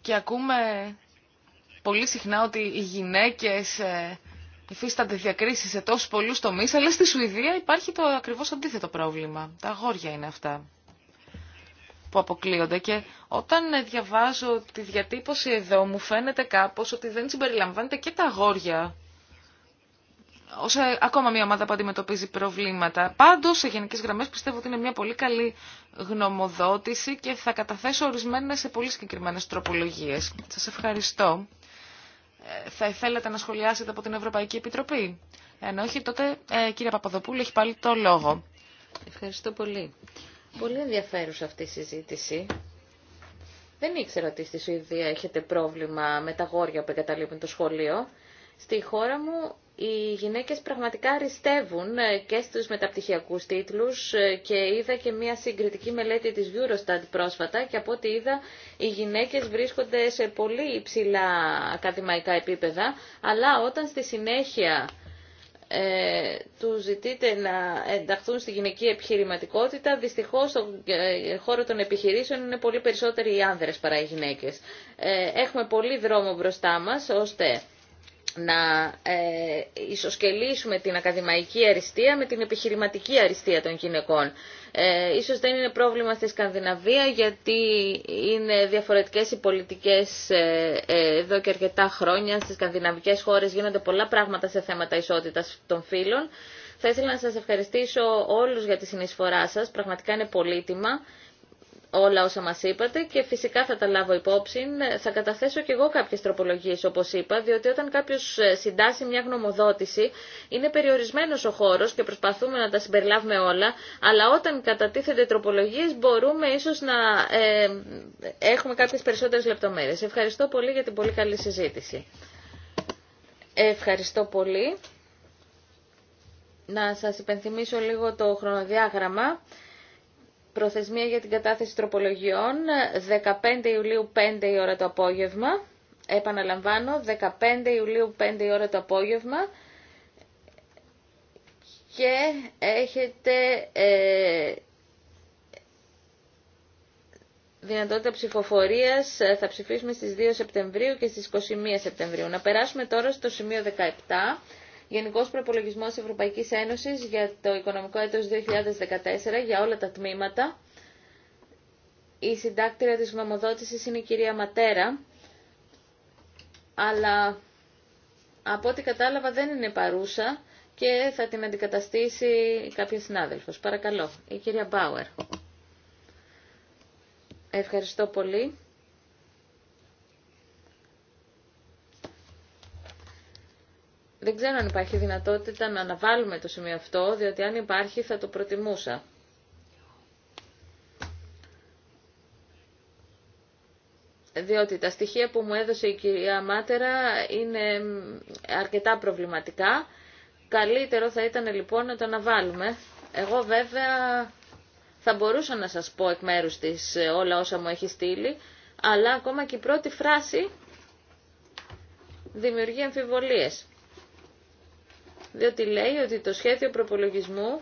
Και ακούμε πολύ συχνά ότι οι γυναίκες ε, υφίστανται διακρίσεις σε τόσους πολλούς τομείς, αλλά στη Σουηδία υπάρχει το ακριβώς αντίθετο πρόβλημα. Τα αγόρια είναι αυτά που αποκλείονται και όταν διαβάζω τη διατύπωση εδώ, μου φαίνεται κάπως ότι δεν συμπεριλαμβάνεται και τα αγόρια ως ε, ακόμα μια ομάδα που αντιμετωπίζει προβλήματα. Πάντως, σε γενικές γραμμές πιστεύω ότι είναι μια πολύ καλή γνωμοδότηση και θα καταθέσω ορισμένε σε πολύ συγκεκριμένε τροπολογίες. Σας ευχαριστώ. Ε, θα ήθελατε να σχολιάσετε από την Ευρωπαϊκή Επιτροπή. Ενώ όχι, τότε ε, κύριε Παπαδοπούλου έχει πάλι το λόγο. Ευχαριστώ πολύ. Πολύ ενδιαφέρουσα αυτή η συζήτηση δεν ήξερα ότι στη Σουηδία έχετε πρόβλημα με τα γόρια που εγκαταλείπουν το σχολείο. Στη χώρα μου οι γυναίκες πραγματικά αριστεύουν ε, και στους μεταπτυχιακούς τίτλους ε, και είδα και μια συγκριτική μελέτη της Eurostat πρόσφατα και από ό,τι είδα οι γυναίκες βρίσκονται σε πολύ υψηλά ακαδημαϊκά επίπεδα αλλά όταν στη συνέχεια ε, του ζητείτε να ενταχθούν στη γυναική επιχειρηματικότητα. Δυστυχώς στον ε, χώρο των επιχειρήσεων είναι πολύ περισσότεροι οι άνδρες παρά οι γυναίκες. Ε, έχουμε πολύ δρόμο μπροστά μας ώστε να ε, ισοσκελίσουμε την ακαδημαϊκή αριστεία με την επιχειρηματική αριστεία των γυναικών. Ε, ίσως δεν είναι πρόβλημα στη Σκανδιναβία γιατί είναι διαφορετικές οι πολιτικές ε, ε, εδώ και αρκετά χρόνια. Στις σκανδιναβικές χώρες γίνονται πολλά πράγματα σε θέματα ισότητας των φύλων. Θα ήθελα να σας ευχαριστήσω όλους για τη συνεισφορά σας. Πραγματικά είναι πολύτιμα όλα όσα μας είπατε και φυσικά θα τα λάβω υπόψη. Θα καταθέσω και εγώ κάποιες τροπολογίες όπως είπα, διότι όταν κάποιος ε, συντάσσει μια γνωμοδότηση είναι περιορισμένος ο χώρος και προσπαθούμε να τα συμπεριλάβουμε όλα, αλλά όταν κατατίθεται τροπολογίες μπορούμε ίσως να ε, έχουμε κάποιες περισσότερες λεπτομέρειες. Ευχαριστώ πολύ για την πολύ καλή συζήτηση. Ευχαριστώ πολύ. Να σας υπενθυμίσω λίγο το χρονοδιάγραμμα. Προθεσμία για την κατάθεση τροπολογιών 15 Ιουλίου 5 η ώρα το απόγευμα. Επαναλαμβάνω, 15 Ιουλίου 5 η ώρα το απόγευμα και έχετε ε, δυνατότητα ψηφοφορίας. Θα ψηφίσουμε στις 2 Σεπτεμβρίου και στις 21 Σεπτεμβρίου. Να περάσουμε τώρα στο σημείο 17 Γενικός Προπολογισμό Ευρωπαϊκής Ένωσης για το οικονομικό έτος 2014 για όλα τα τμήματα. Η συντάκτηρα της γνωμοδότησης είναι η κυρία Ματέρα, αλλά από ό,τι κατάλαβα δεν είναι παρούσα και θα την αντικαταστήσει κάποιο συνάδελφος. Παρακαλώ, η κυρία Μπάουερ. Ευχαριστώ πολύ. Δεν ξέρω αν υπάρχει δυνατότητα να αναβάλουμε το σημείο αυτό, διότι αν υπάρχει θα το προτιμούσα. διότι τα στοιχεία που μου έδωσε η κυρία Μάτερα είναι αρκετά προβληματικά. Καλύτερο θα ήταν λοιπόν να το αναβάλουμε. Εγώ βέβαια θα μπορούσα να σας πω εκ μέρους της ε, όλα όσα μου έχει στείλει, αλλά ακόμα και η πρώτη φράση δημιουργεί αμφιβολίες διότι λέει ότι το σχέδιο προπολογισμού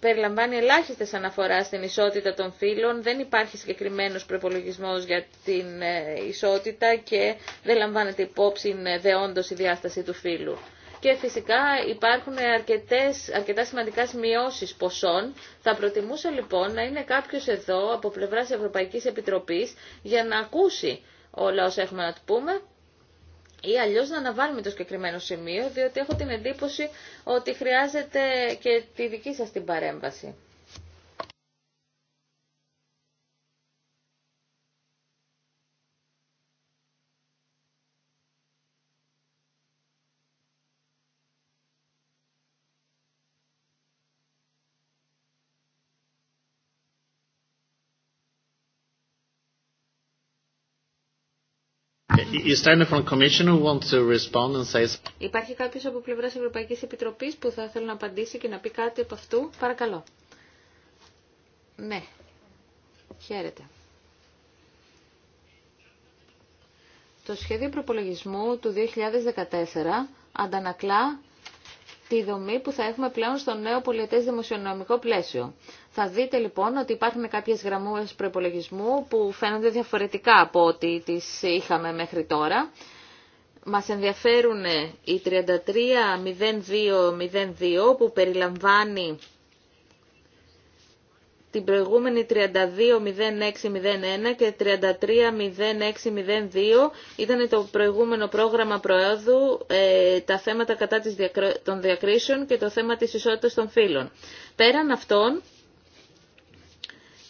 περιλαμβάνει ελάχιστες αναφορά στην ισότητα των φύλων, δεν υπάρχει συγκεκριμένος προπολογισμός για την ε, ισότητα και δεν λαμβάνεται υπόψη ε, δεόντως η διάσταση του φύλου. Και φυσικά υπάρχουν αρκετές, αρκετά σημαντικά σημειώσεις ποσών. Θα προτιμούσα λοιπόν να είναι κάποιος εδώ από πλευράς Ευρωπαϊκής Επιτροπής για να ακούσει όλα όσα έχουμε να του πούμε ή αλλιώς να αναβάλουμε το συγκεκριμένο σημείο, διότι έχω την εντύπωση ότι χρειάζεται και τη δική σας την παρέμβαση. Υπάρχει κάποιος από πλευράς Ευρωπαϊκής Επιτροπής που θα θέλει να απαντήσει και να πει κάτι από αυτού. Παρακαλώ. Ναι. Χαίρετε. Το σχέδιο προπολογισμού του 2014 αντανακλά τη δομή που θα έχουμε πλέον στο νέο πολιετέ δημοσιονομικό πλαίσιο. Θα δείτε λοιπόν ότι υπάρχουν κάποιες γραμμές προπολογισμού που φαίνονται διαφορετικά από ό,τι τις είχαμε μέχρι τώρα. Μας ενδιαφέρουν οι 330202 που περιλαμβάνει την προηγούμενη 320601 και 330602 ήταν το προηγούμενο πρόγραμμα προόδου ε, τα θέματα κατά της των διακρίσεων και το θέμα της ισότητας των φύλων. Πέραν αυτών,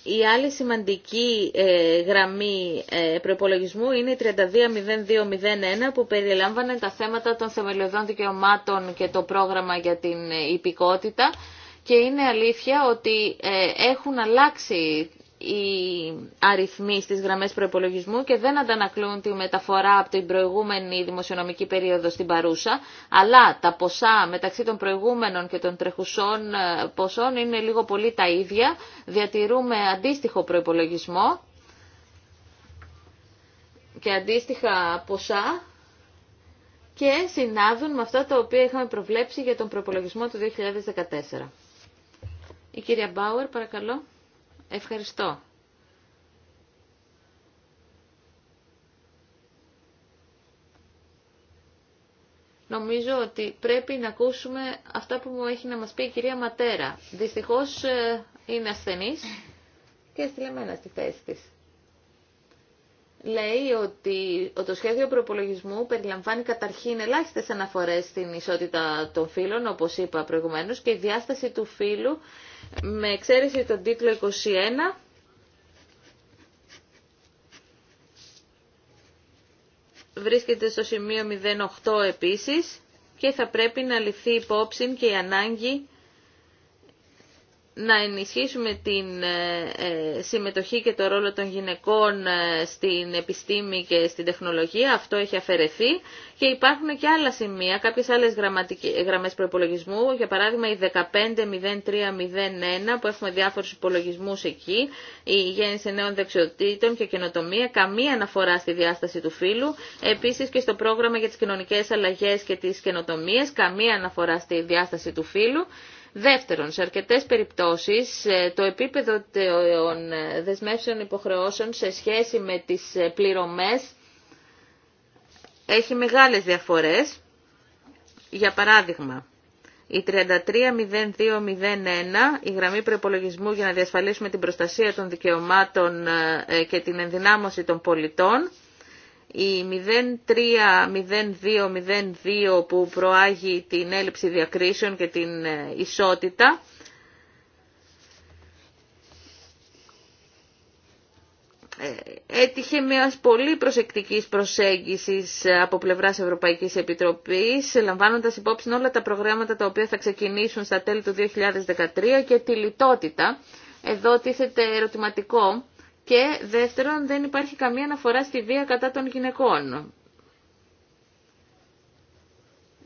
η άλλη σημαντική ε, γραμμή ε, προπολογισμού είναι η 320201 που περιλάμβανε τα θέματα των θεμελιωδών δικαιωμάτων και το πρόγραμμα για την ε, υπηκότητα και είναι αλήθεια ότι ε, έχουν αλλάξει οι αριθμοί στις γραμμές προϋπολογισμού και δεν αντανακλούν τη μεταφορά από την προηγούμενη δημοσιονομική περίοδο στην παρούσα, αλλά τα ποσά μεταξύ των προηγούμενων και των τρεχουσών ε, ποσών είναι λίγο πολύ τα ίδια. Διατηρούμε αντίστοιχο προϋπολογισμό και αντίστοιχα ποσά και συνάδουν με αυτά τα οποία είχαμε προβλέψει για τον προϋπολογισμό του 2014. Η κυρία Μπάουερ, παρακαλώ. Ευχαριστώ. Νομίζω ότι πρέπει να ακούσουμε αυτά που μου έχει να μας πει η κυρία Ματέρα. Δυστυχώς ε, είναι ασθενής και στελεμένα στη θέση της λέει ότι το σχέδιο προπολογισμού περιλαμβάνει καταρχήν ελάχιστε αναφορέ στην ισότητα των φύλων, όπω είπα προηγουμένω, και η διάσταση του φύλου με εξαίρεση τον τίτλο 21 βρίσκεται στο σημείο 08 επίσης και θα πρέπει να ληφθεί υπόψη και η ανάγκη να ενισχύσουμε την ε, ε, συμμετοχή και το ρόλο των γυναικών ε, στην επιστήμη και στην τεχνολογία. Αυτό έχει αφαιρεθεί και υπάρχουν και άλλα σημεία, κάποιες άλλες γραμμές προπολογισμού, για παράδειγμα η 150301 που έχουμε διάφορους υπολογισμούς εκεί, η γέννηση νέων δεξιοτήτων και καινοτομία, καμία αναφορά στη διάσταση του φύλου, επίσης και στο πρόγραμμα για τις κοινωνικές αλλαγές και τις καινοτομίες, καμία αναφορά στη διάσταση του φύλου. Δεύτερον, σε αρκετές περιπτώσεις ε, το επίπεδο των ε, δεσμεύσεων υποχρεώσεων σε σχέση με τις ε, πληρωμές έχει μεγάλες διαφορές. Για παράδειγμα, η 330201, η γραμμή προπολογισμού για να διασφαλίσουμε την προστασία των δικαιωμάτων και την ενδυνάμωση των πολιτών, η 030202 που προάγει την έλλειψη διακρίσεων και την ε, ισότητα ε, έτυχε μια πολύ προσεκτικής προσέγγισης ε, από πλευρά Ευρωπαϊκή Επιτροπή, λαμβάνοντας υπόψη όλα τα προγράμματα τα οποία θα ξεκινήσουν στα τέλη του 2013 και τη λιτότητα. Εδώ τίθεται ερωτηματικό και δεύτερον, δεν υπάρχει καμία αναφορά στη βία κατά των γυναικών.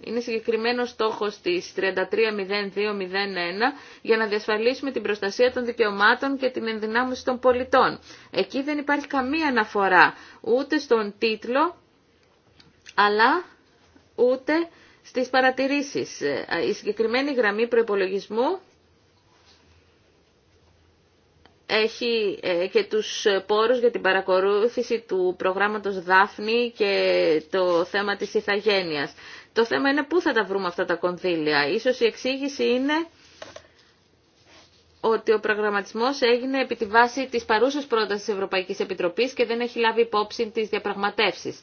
Είναι συγκεκριμένο στόχο τη 330201 για να διασφαλίσουμε την προστασία των δικαιωμάτων και την ενδυνάμωση των πολιτών. Εκεί δεν υπάρχει καμία αναφορά ούτε στον τίτλο, αλλά ούτε στις παρατηρήσεις. Η συγκεκριμένη γραμμή προϋπολογισμού έχει ε, και τους πόρους για την παρακολούθηση του προγράμματος Δάφνη και το θέμα της ηθαγένειας. Το θέμα είναι πού θα τα βρούμε αυτά τα κονδύλια. Ίσως η εξήγηση είναι ότι ο προγραμματισμός έγινε επί τη βάση της παρούσας πρότασης της Ευρωπαϊκής Επιτροπής και δεν έχει λάβει υπόψη τις διαπραγματεύσεις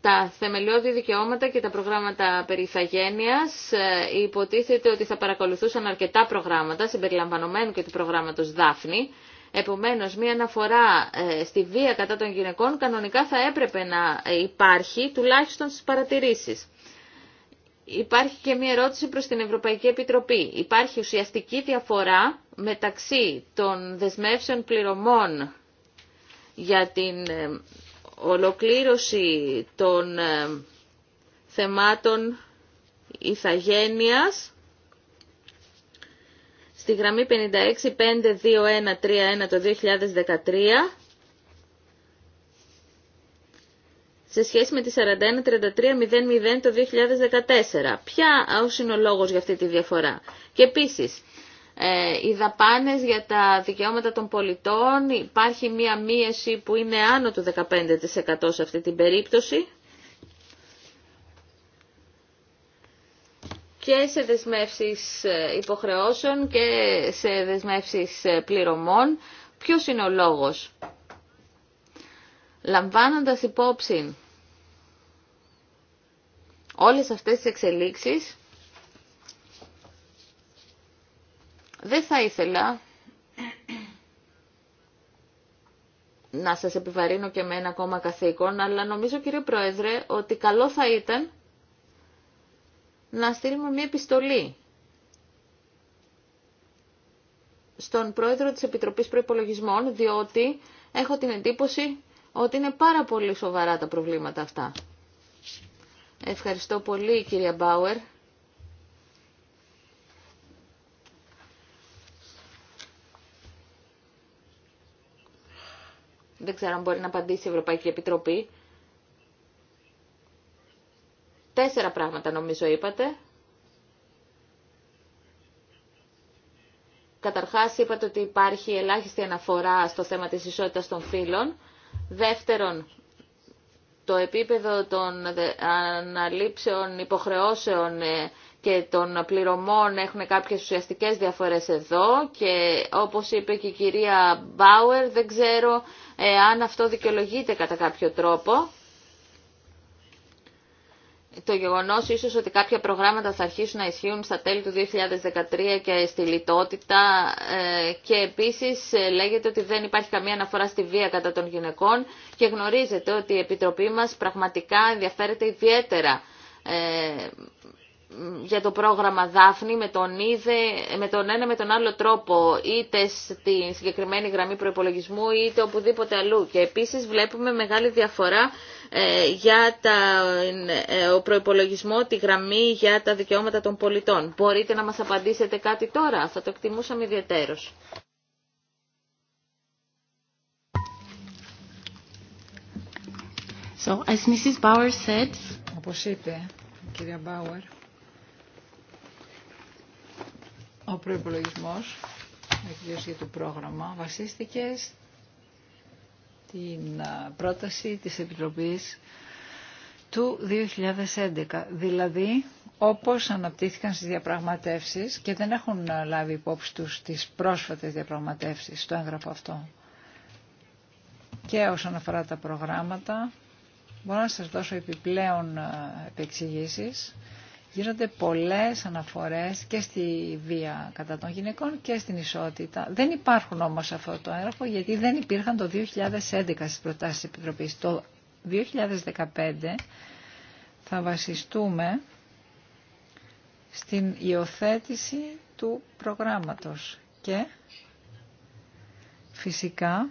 τα θεμελιώδη δικαιώματα και τα προγράμματα περιθαγένειας ε, υποτίθεται ότι θα παρακολουθούσαν αρκετά προγράμματα συμπεριλαμβανομένου και του προγράμματος Δάφνη. Επομένως, μία αναφορά ε, στη βία κατά των γυναικών κανονικά θα έπρεπε να υπάρχει τουλάχιστον στις παρατηρήσεις. Υπάρχει και μία ερώτηση προς την Ευρωπαϊκή Επιτροπή. Υπάρχει ουσιαστική διαφορά μεταξύ των δεσμεύσεων πληρωμών για την ε, ολοκλήρωση των ε, θεμάτων ηθαγένειας στη γραμμη 56.5.2.1.3.1 το 2013 σε σχέση με τη 41-33-00 το 2014. Ποια είναι ο λόγος για αυτή τη διαφορά. Και επίσης, ε, οι δαπάνες για τα δικαιώματα των πολιτών, υπάρχει μία μίεση που είναι άνω του 15% σε αυτή την περίπτωση. και σε δεσμεύσεις ε, υποχρεώσεων και σε δεσμεύσεις ε, πληρωμών. Ποιος είναι ο λόγος. Λαμβάνοντας υπόψη όλες αυτές τις εξελίξεις, Δεν θα ήθελα να σας επιβαρύνω και με ένα ακόμα καθήκον, αλλά νομίζω κύριε Πρόεδρε ότι καλό θα ήταν να στείλουμε μια επιστολή στον Πρόεδρο της Επιτροπής Προϋπολογισμών, διότι έχω την εντύπωση ότι είναι πάρα πολύ σοβαρά τα προβλήματα αυτά. Ευχαριστώ πολύ κυρία Μπάουερ. Δεν ξέρω αν μπορεί να απαντήσει η Ευρωπαϊκή Επιτροπή. Τέσσερα πράγματα νομίζω είπατε. Καταρχάς είπατε ότι υπάρχει ελάχιστη αναφορά στο θέμα της ισότητας των φύλων. Δεύτερον, το επίπεδο των αναλήψεων υποχρεώσεων ε, και των πληρωμών έχουν κάποιες ουσιαστικές διαφορές εδώ και όπως είπε και η κυρία Μπάουερ δεν ξέρω ε, αν αυτό δικαιολογείται κατά κάποιο τρόπο. Το γεγονός ίσως ότι κάποια προγράμματα θα αρχίσουν να ισχύουν στα τέλη του 2013 και στη λιτότητα ε, και επίσης ε, λέγεται ότι δεν υπάρχει καμία αναφορά στη βία κατά των γυναικών και γνωρίζετε ότι η Επιτροπή μας πραγματικά ενδιαφέρεται ιδιαίτερα για το πρόγραμμα Δάφνη με τον, είδε, με τον ένα με τον άλλο τρόπο είτε στη συγκεκριμένη γραμμή προϋπολογισμού είτε οπουδήποτε αλλού και επίσης βλέπουμε μεγάλη διαφορά ε, για τα, ε, ο προϋπολογισμό, τη γραμμή για τα δικαιώματα των πολιτών. Μπορείτε να μας απαντήσετε κάτι τώρα, θα το εκτιμούσαμε ιδιαίτερος. So, as κυρία Ο προϋπολογισμός, κυρίως για το πρόγραμμα, βασίστηκε στην πρόταση της Επιτροπής του 2011. Δηλαδή, όπως αναπτύχθηκαν στις διαπραγματεύσεις και δεν έχουν λάβει υπόψη τους τις πρόσφατες διαπραγματεύσεις στο έγγραφο αυτό. Και όσον αφορά τα προγράμματα, μπορώ να σας δώσω επιπλέον επεξηγήσεις. Γίνονται πολλές αναφορές και στη βία κατά των γυναικών και στην ισότητα. Δεν υπάρχουν όμως αυτό το έγγραφο γιατί δεν υπήρχαν το 2011 στις προτάσεις της Επιτροπής. Το 2015 θα βασιστούμε στην υιοθέτηση του προγράμματος και φυσικά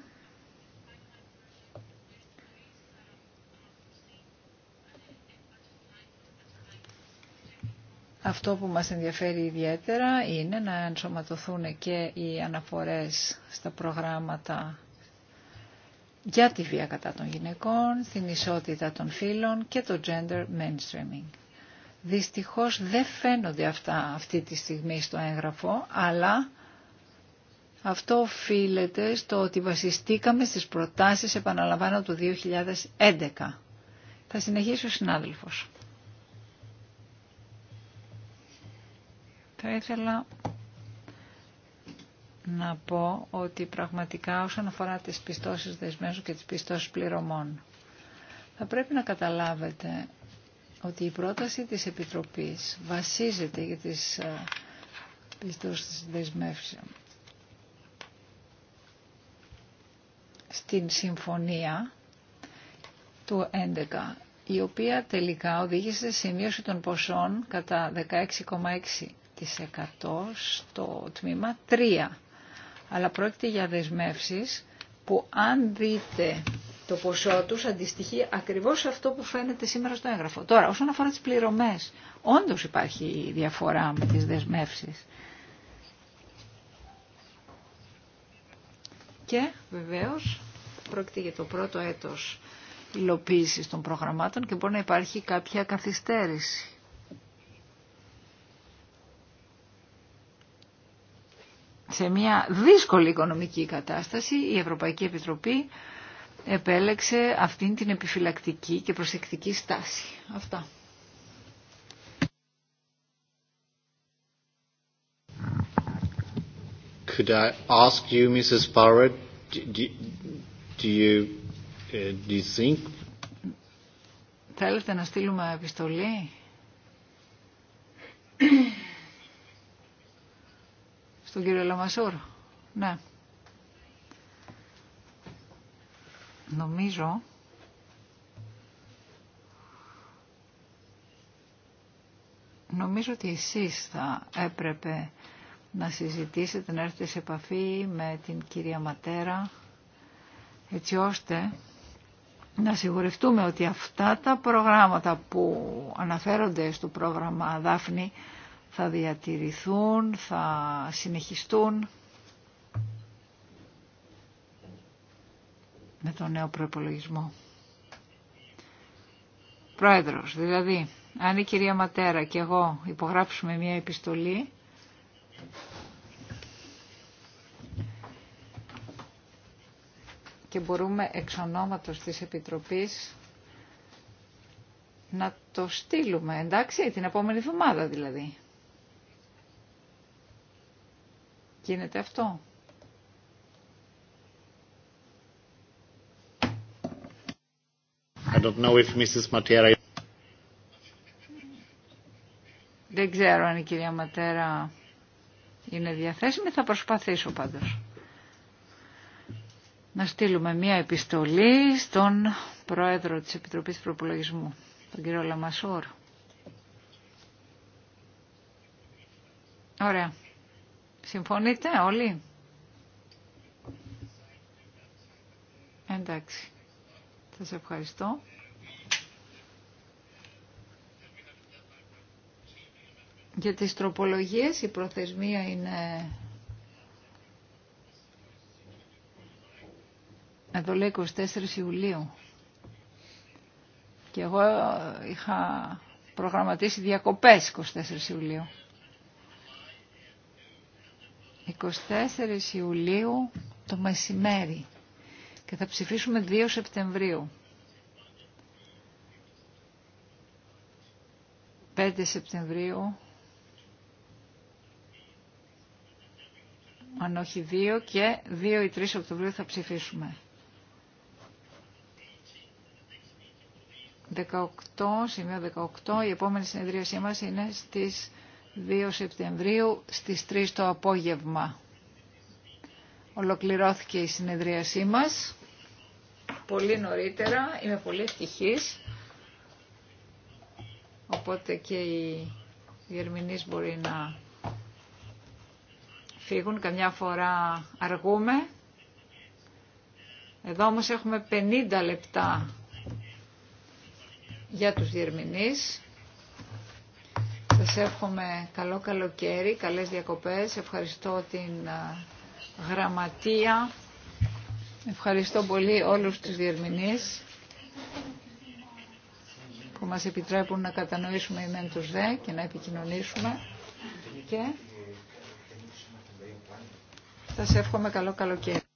Αυτό που μας ενδιαφέρει ιδιαίτερα είναι να ενσωματωθούν και οι αναφορές στα προγράμματα για τη βία κατά των γυναικών, την ισότητα των φύλων και το gender mainstreaming. Δυστυχώς δεν φαίνονται αυτά αυτή τη στιγμή στο έγγραφο, αλλά αυτό οφείλεται στο ότι βασιστήκαμε στις προτάσεις, επαναλαμβάνω, του 2011. Θα συνεχίσει ο συνάδελφος. Θα ήθελα να πω ότι πραγματικά όσον αφορά τις πιστώσεις δεσμένων και τις πιστώσεις πληρωμών, θα πρέπει να καταλάβετε ότι η πρόταση της Επιτροπής βασίζεται για τις ε, πιστώσεις δεσμεύσεων στην συμφωνία του 11 η οποία τελικά οδήγησε σε μείωση των ποσών κατά 16,6 στο τμήμα 3. Αλλά πρόκειται για δεσμεύσεις που αν δείτε το ποσό τους αντιστοιχεί ακριβώς αυτό που φαίνεται σήμερα στο έγγραφο. Τώρα, όσον αφορά τις πληρωμές, όντως υπάρχει διαφορά με τις δεσμεύσεις. Και βεβαίως πρόκειται για το πρώτο έτος υλοποίησης των προγραμμάτων και μπορεί να υπάρχει κάποια καθυστέρηση. σε μια δύσκολη οικονομική κατάσταση η Ευρωπαϊκή Επιτροπή επέλεξε αυτήν την επιφυλακτική και προσεκτική στάση. Αυτά. Could I you, Mrs. Uh, Θέλετε να στείλουμε επιστολή? <coughs> Στον κύριο Λαμασούρ. Ναι. Νομίζω νομίζω ότι εσείς θα έπρεπε να συζητήσετε, να έρθετε σε επαφή με την κυρία Ματέρα, έτσι ώστε να σιγουρευτούμε ότι αυτά τα προγράμματα που αναφέρονται στο πρόγραμμα Δάφνη θα διατηρηθούν, θα συνεχιστούν με τον νέο προπολογισμό. Πρόεδρος, δηλαδή, αν η κυρία Ματέρα και εγώ υπογράψουμε μια επιστολή, και μπορούμε εξ ονόματος της Επιτροπής να το στείλουμε, εντάξει, την επόμενη εβδομάδα δηλαδή. Γίνεται αυτό. I don't know if Mrs. Matera... Δεν ξέρω αν η κυρία Ματέρα είναι διαθέσιμη, θα προσπαθήσω πάντως. Να στείλουμε μία επιστολή στον Πρόεδρο της Επιτροπής Προπολογισμού, τον κύριο Λαμασόρ. Ωραία. Συμφωνείτε όλοι. Εντάξει. σε ευχαριστώ. Για τις τροπολογίες η προθεσμία είναι... Εδώ λέει 24 Ιουλίου. Και εγώ είχα προγραμματίσει διακοπές 24 Ιουλίου. 24 Ιουλίου το μεσημέρι και θα ψηφίσουμε 2 Σεπτεμβρίου. 5 Σεπτεμβρίου αν όχι 2 και 2 ή 3 Οκτωβρίου θα ψηφίσουμε. 18, σημείο 18, η επόμενη συνεδρίασή μας είναι στις 2 Σεπτεμβρίου στις 3 το απόγευμα. Ολοκληρώθηκε η συνεδρίασή μας. Πολύ νωρίτερα, είμαι πολύ ευτυχής. Οπότε και οι διερμηνείς μπορεί να φύγουν. Καμιά φορά αργούμε. Εδώ όμως έχουμε 50 λεπτά για τους διερμηνείς. Σας εύχομαι καλό καλοκαίρι, καλές διακοπές. Ευχαριστώ την γραμματεία. Ευχαριστώ πολύ όλους τους διερμηνείς που μας επιτρέπουν να κατανοήσουμε μέν τους δε και να επικοινωνήσουμε. Και σας εύχομαι καλό καλοκαίρι.